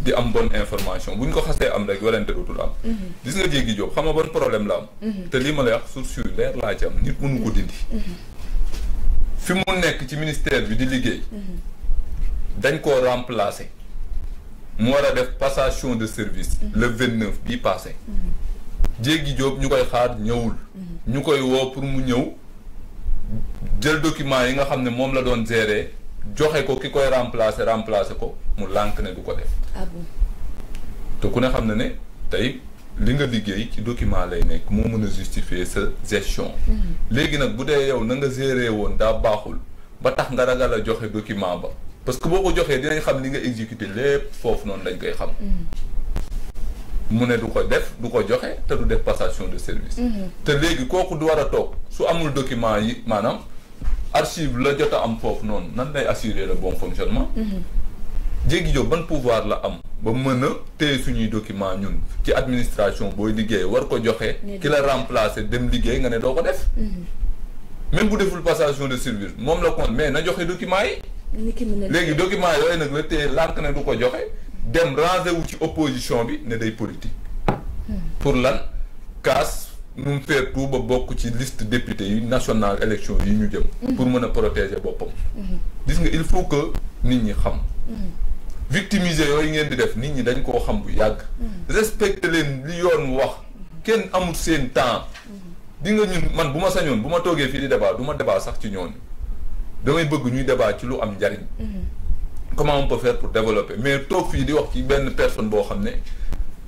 di am bonne information bu ñu ko xasee am rek walante dootul am mhm. gis nga jéggi jóob xam nga ban problème la am mhm. te lii ma lay wax source yu leer laa ci am nit mënu ko dindi mhm. fi mu nekk ci ministère bi di liggéey dañ koo remplacer mu war a def passation de service le vingt neuf bii passé jéggi jóob ñu koy xaar ñëwul ñu koy woo pour mu ñëw jël document yi nga xam ne moom la doon gérer joxe ko ki koy remplacer remplacer ko mu lànk ne du ko def. Ah te ku ne xam na ne tey li nga liggéey ci document lay nekk moo mën a justifier sa gestion. Mhm. léegi nag bu dee yow na nga gérer woon daa baaxul ba tax nga ragal a joxe document ba parce que boo ko joxee dinañ xam li nga exécuté lépp foofu noonu dañ koy xam. Mhm. mu ne du ko def du ko joxe te du def passation de service. Mhm. te léegi kooku du war a toog su amul document yi maanaam. archive la jot am foofu noonu nan lay assurer le bon fonctionnement. Diégui mhm. Diop ban pouvoir la am ba mën a téye suñuy document ñun ci administration booy liggéey war ko joxe. ki la remplacer dem liggéey nga ne doo ko def. Mhm. même bu deful passation de service moom la kon mais na joxe document yi. léegi document yooyu nag la téye lànk ne du ko joxe dem ranger wu ci opposition bi ne day politique. Hmm. pour lan kaas. Nous faire tout ba bokk ci liste député nationales, élections, élection mhm. pour mën a protéger boppam. Mhm. gis nga il faut que nit ñi xam. Mhm. victimiser yooyu ngeen di def nit ñi dañ ko xam bu respecter leen li yoon wax kenn amul seen temps. di nga ñun man buma ma sañoon bu ma toogee di débat duma ma débat sax ci ñooñu damay bëgg ñuy débat ci lu am comment on peut faire pour développer mais toog fi di wax ci ben personne bo xamné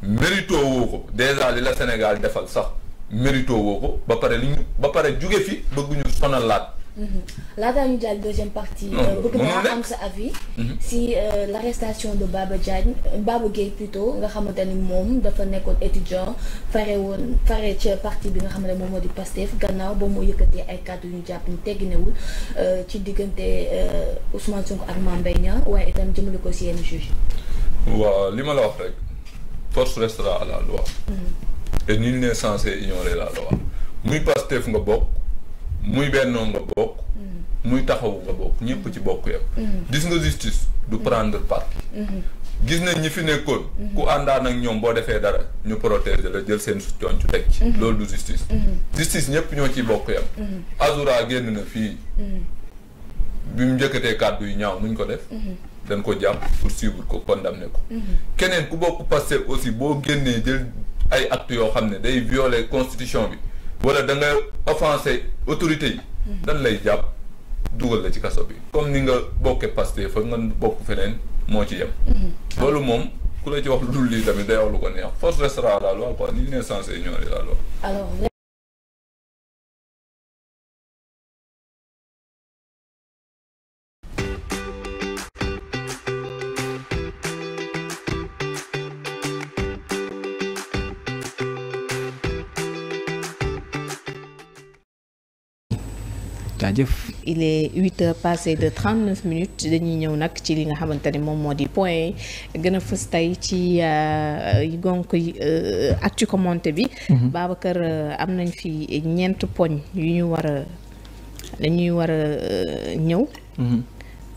mérito woko déjà li la Sénégal défal sax mérito woko ba paré li ba paré djougué fi bëgguñu sonal la mm-hmm. laataa ñu jàll deuxième partie beaucoup de gens ont sa avis mm-hmm. si euh, l'arrestation de Baba Diagne Baba Gueye plutôt nga xamante mom dafa nekkoon étudiant faré woon faré ci parti bi nga xamné mom modi di Pastef gannaaw ba mu yëkkatee ay ñu japp ñu jàpp wul tegginewul euh, ci euh, Ousmane Sonko ak Mame Mbaye way itam jëmale ko ci yenn juge wa li ma la wax rek force restera à la loi mm-hmm. et nul ne censé ignorer la loi muy Pastef nga bokk muy Benno nga bokk mm-hmm. muy Taxawu nga bokk ñëpp ci bokk yam mm-hmm. dis nga justice du mm-hmm. prendre parti gis nañ ñi fi nekkoon ku àndaan ak ñoom boo defee dara ñu protéger la jël seen conc teg ci loolu du justice justice ñëpp ñoo ciy bokk yam Azura génn na fii bi mu njëkkatee kàddu yi ñaaw nuñ ko def dañ ko jàpp poursuivre ko ne ko keneen ku bokk Pastef aussi boo génnee jël ay actes yoo xam ne day violer constitution bi wala da nga offensé autorité yi mm-hmm. dañ lay jàpp dugal la ci kaso bi comme ni nga bokkee Pastef fa nga bokk feneen moo ci yem mm-hmm. loolu moom ku la ci wax lu dul tamit day wax lu ko neex force restera à la loi quoi nul n'est censé ignorer la loi jaajëf. il est 8h passé de 39 minutes dañuy ñëw nak ci li nga xamante mom modi point gëna gën tay fës tey ci euh, gonk euh, actu commenté bi. Mhm. Babacar euh, am nañ fi ñent poñ yu ñu war dañuy wara a mhm.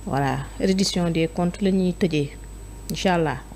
voilà reddition des comptes lañuy ñuy inshallah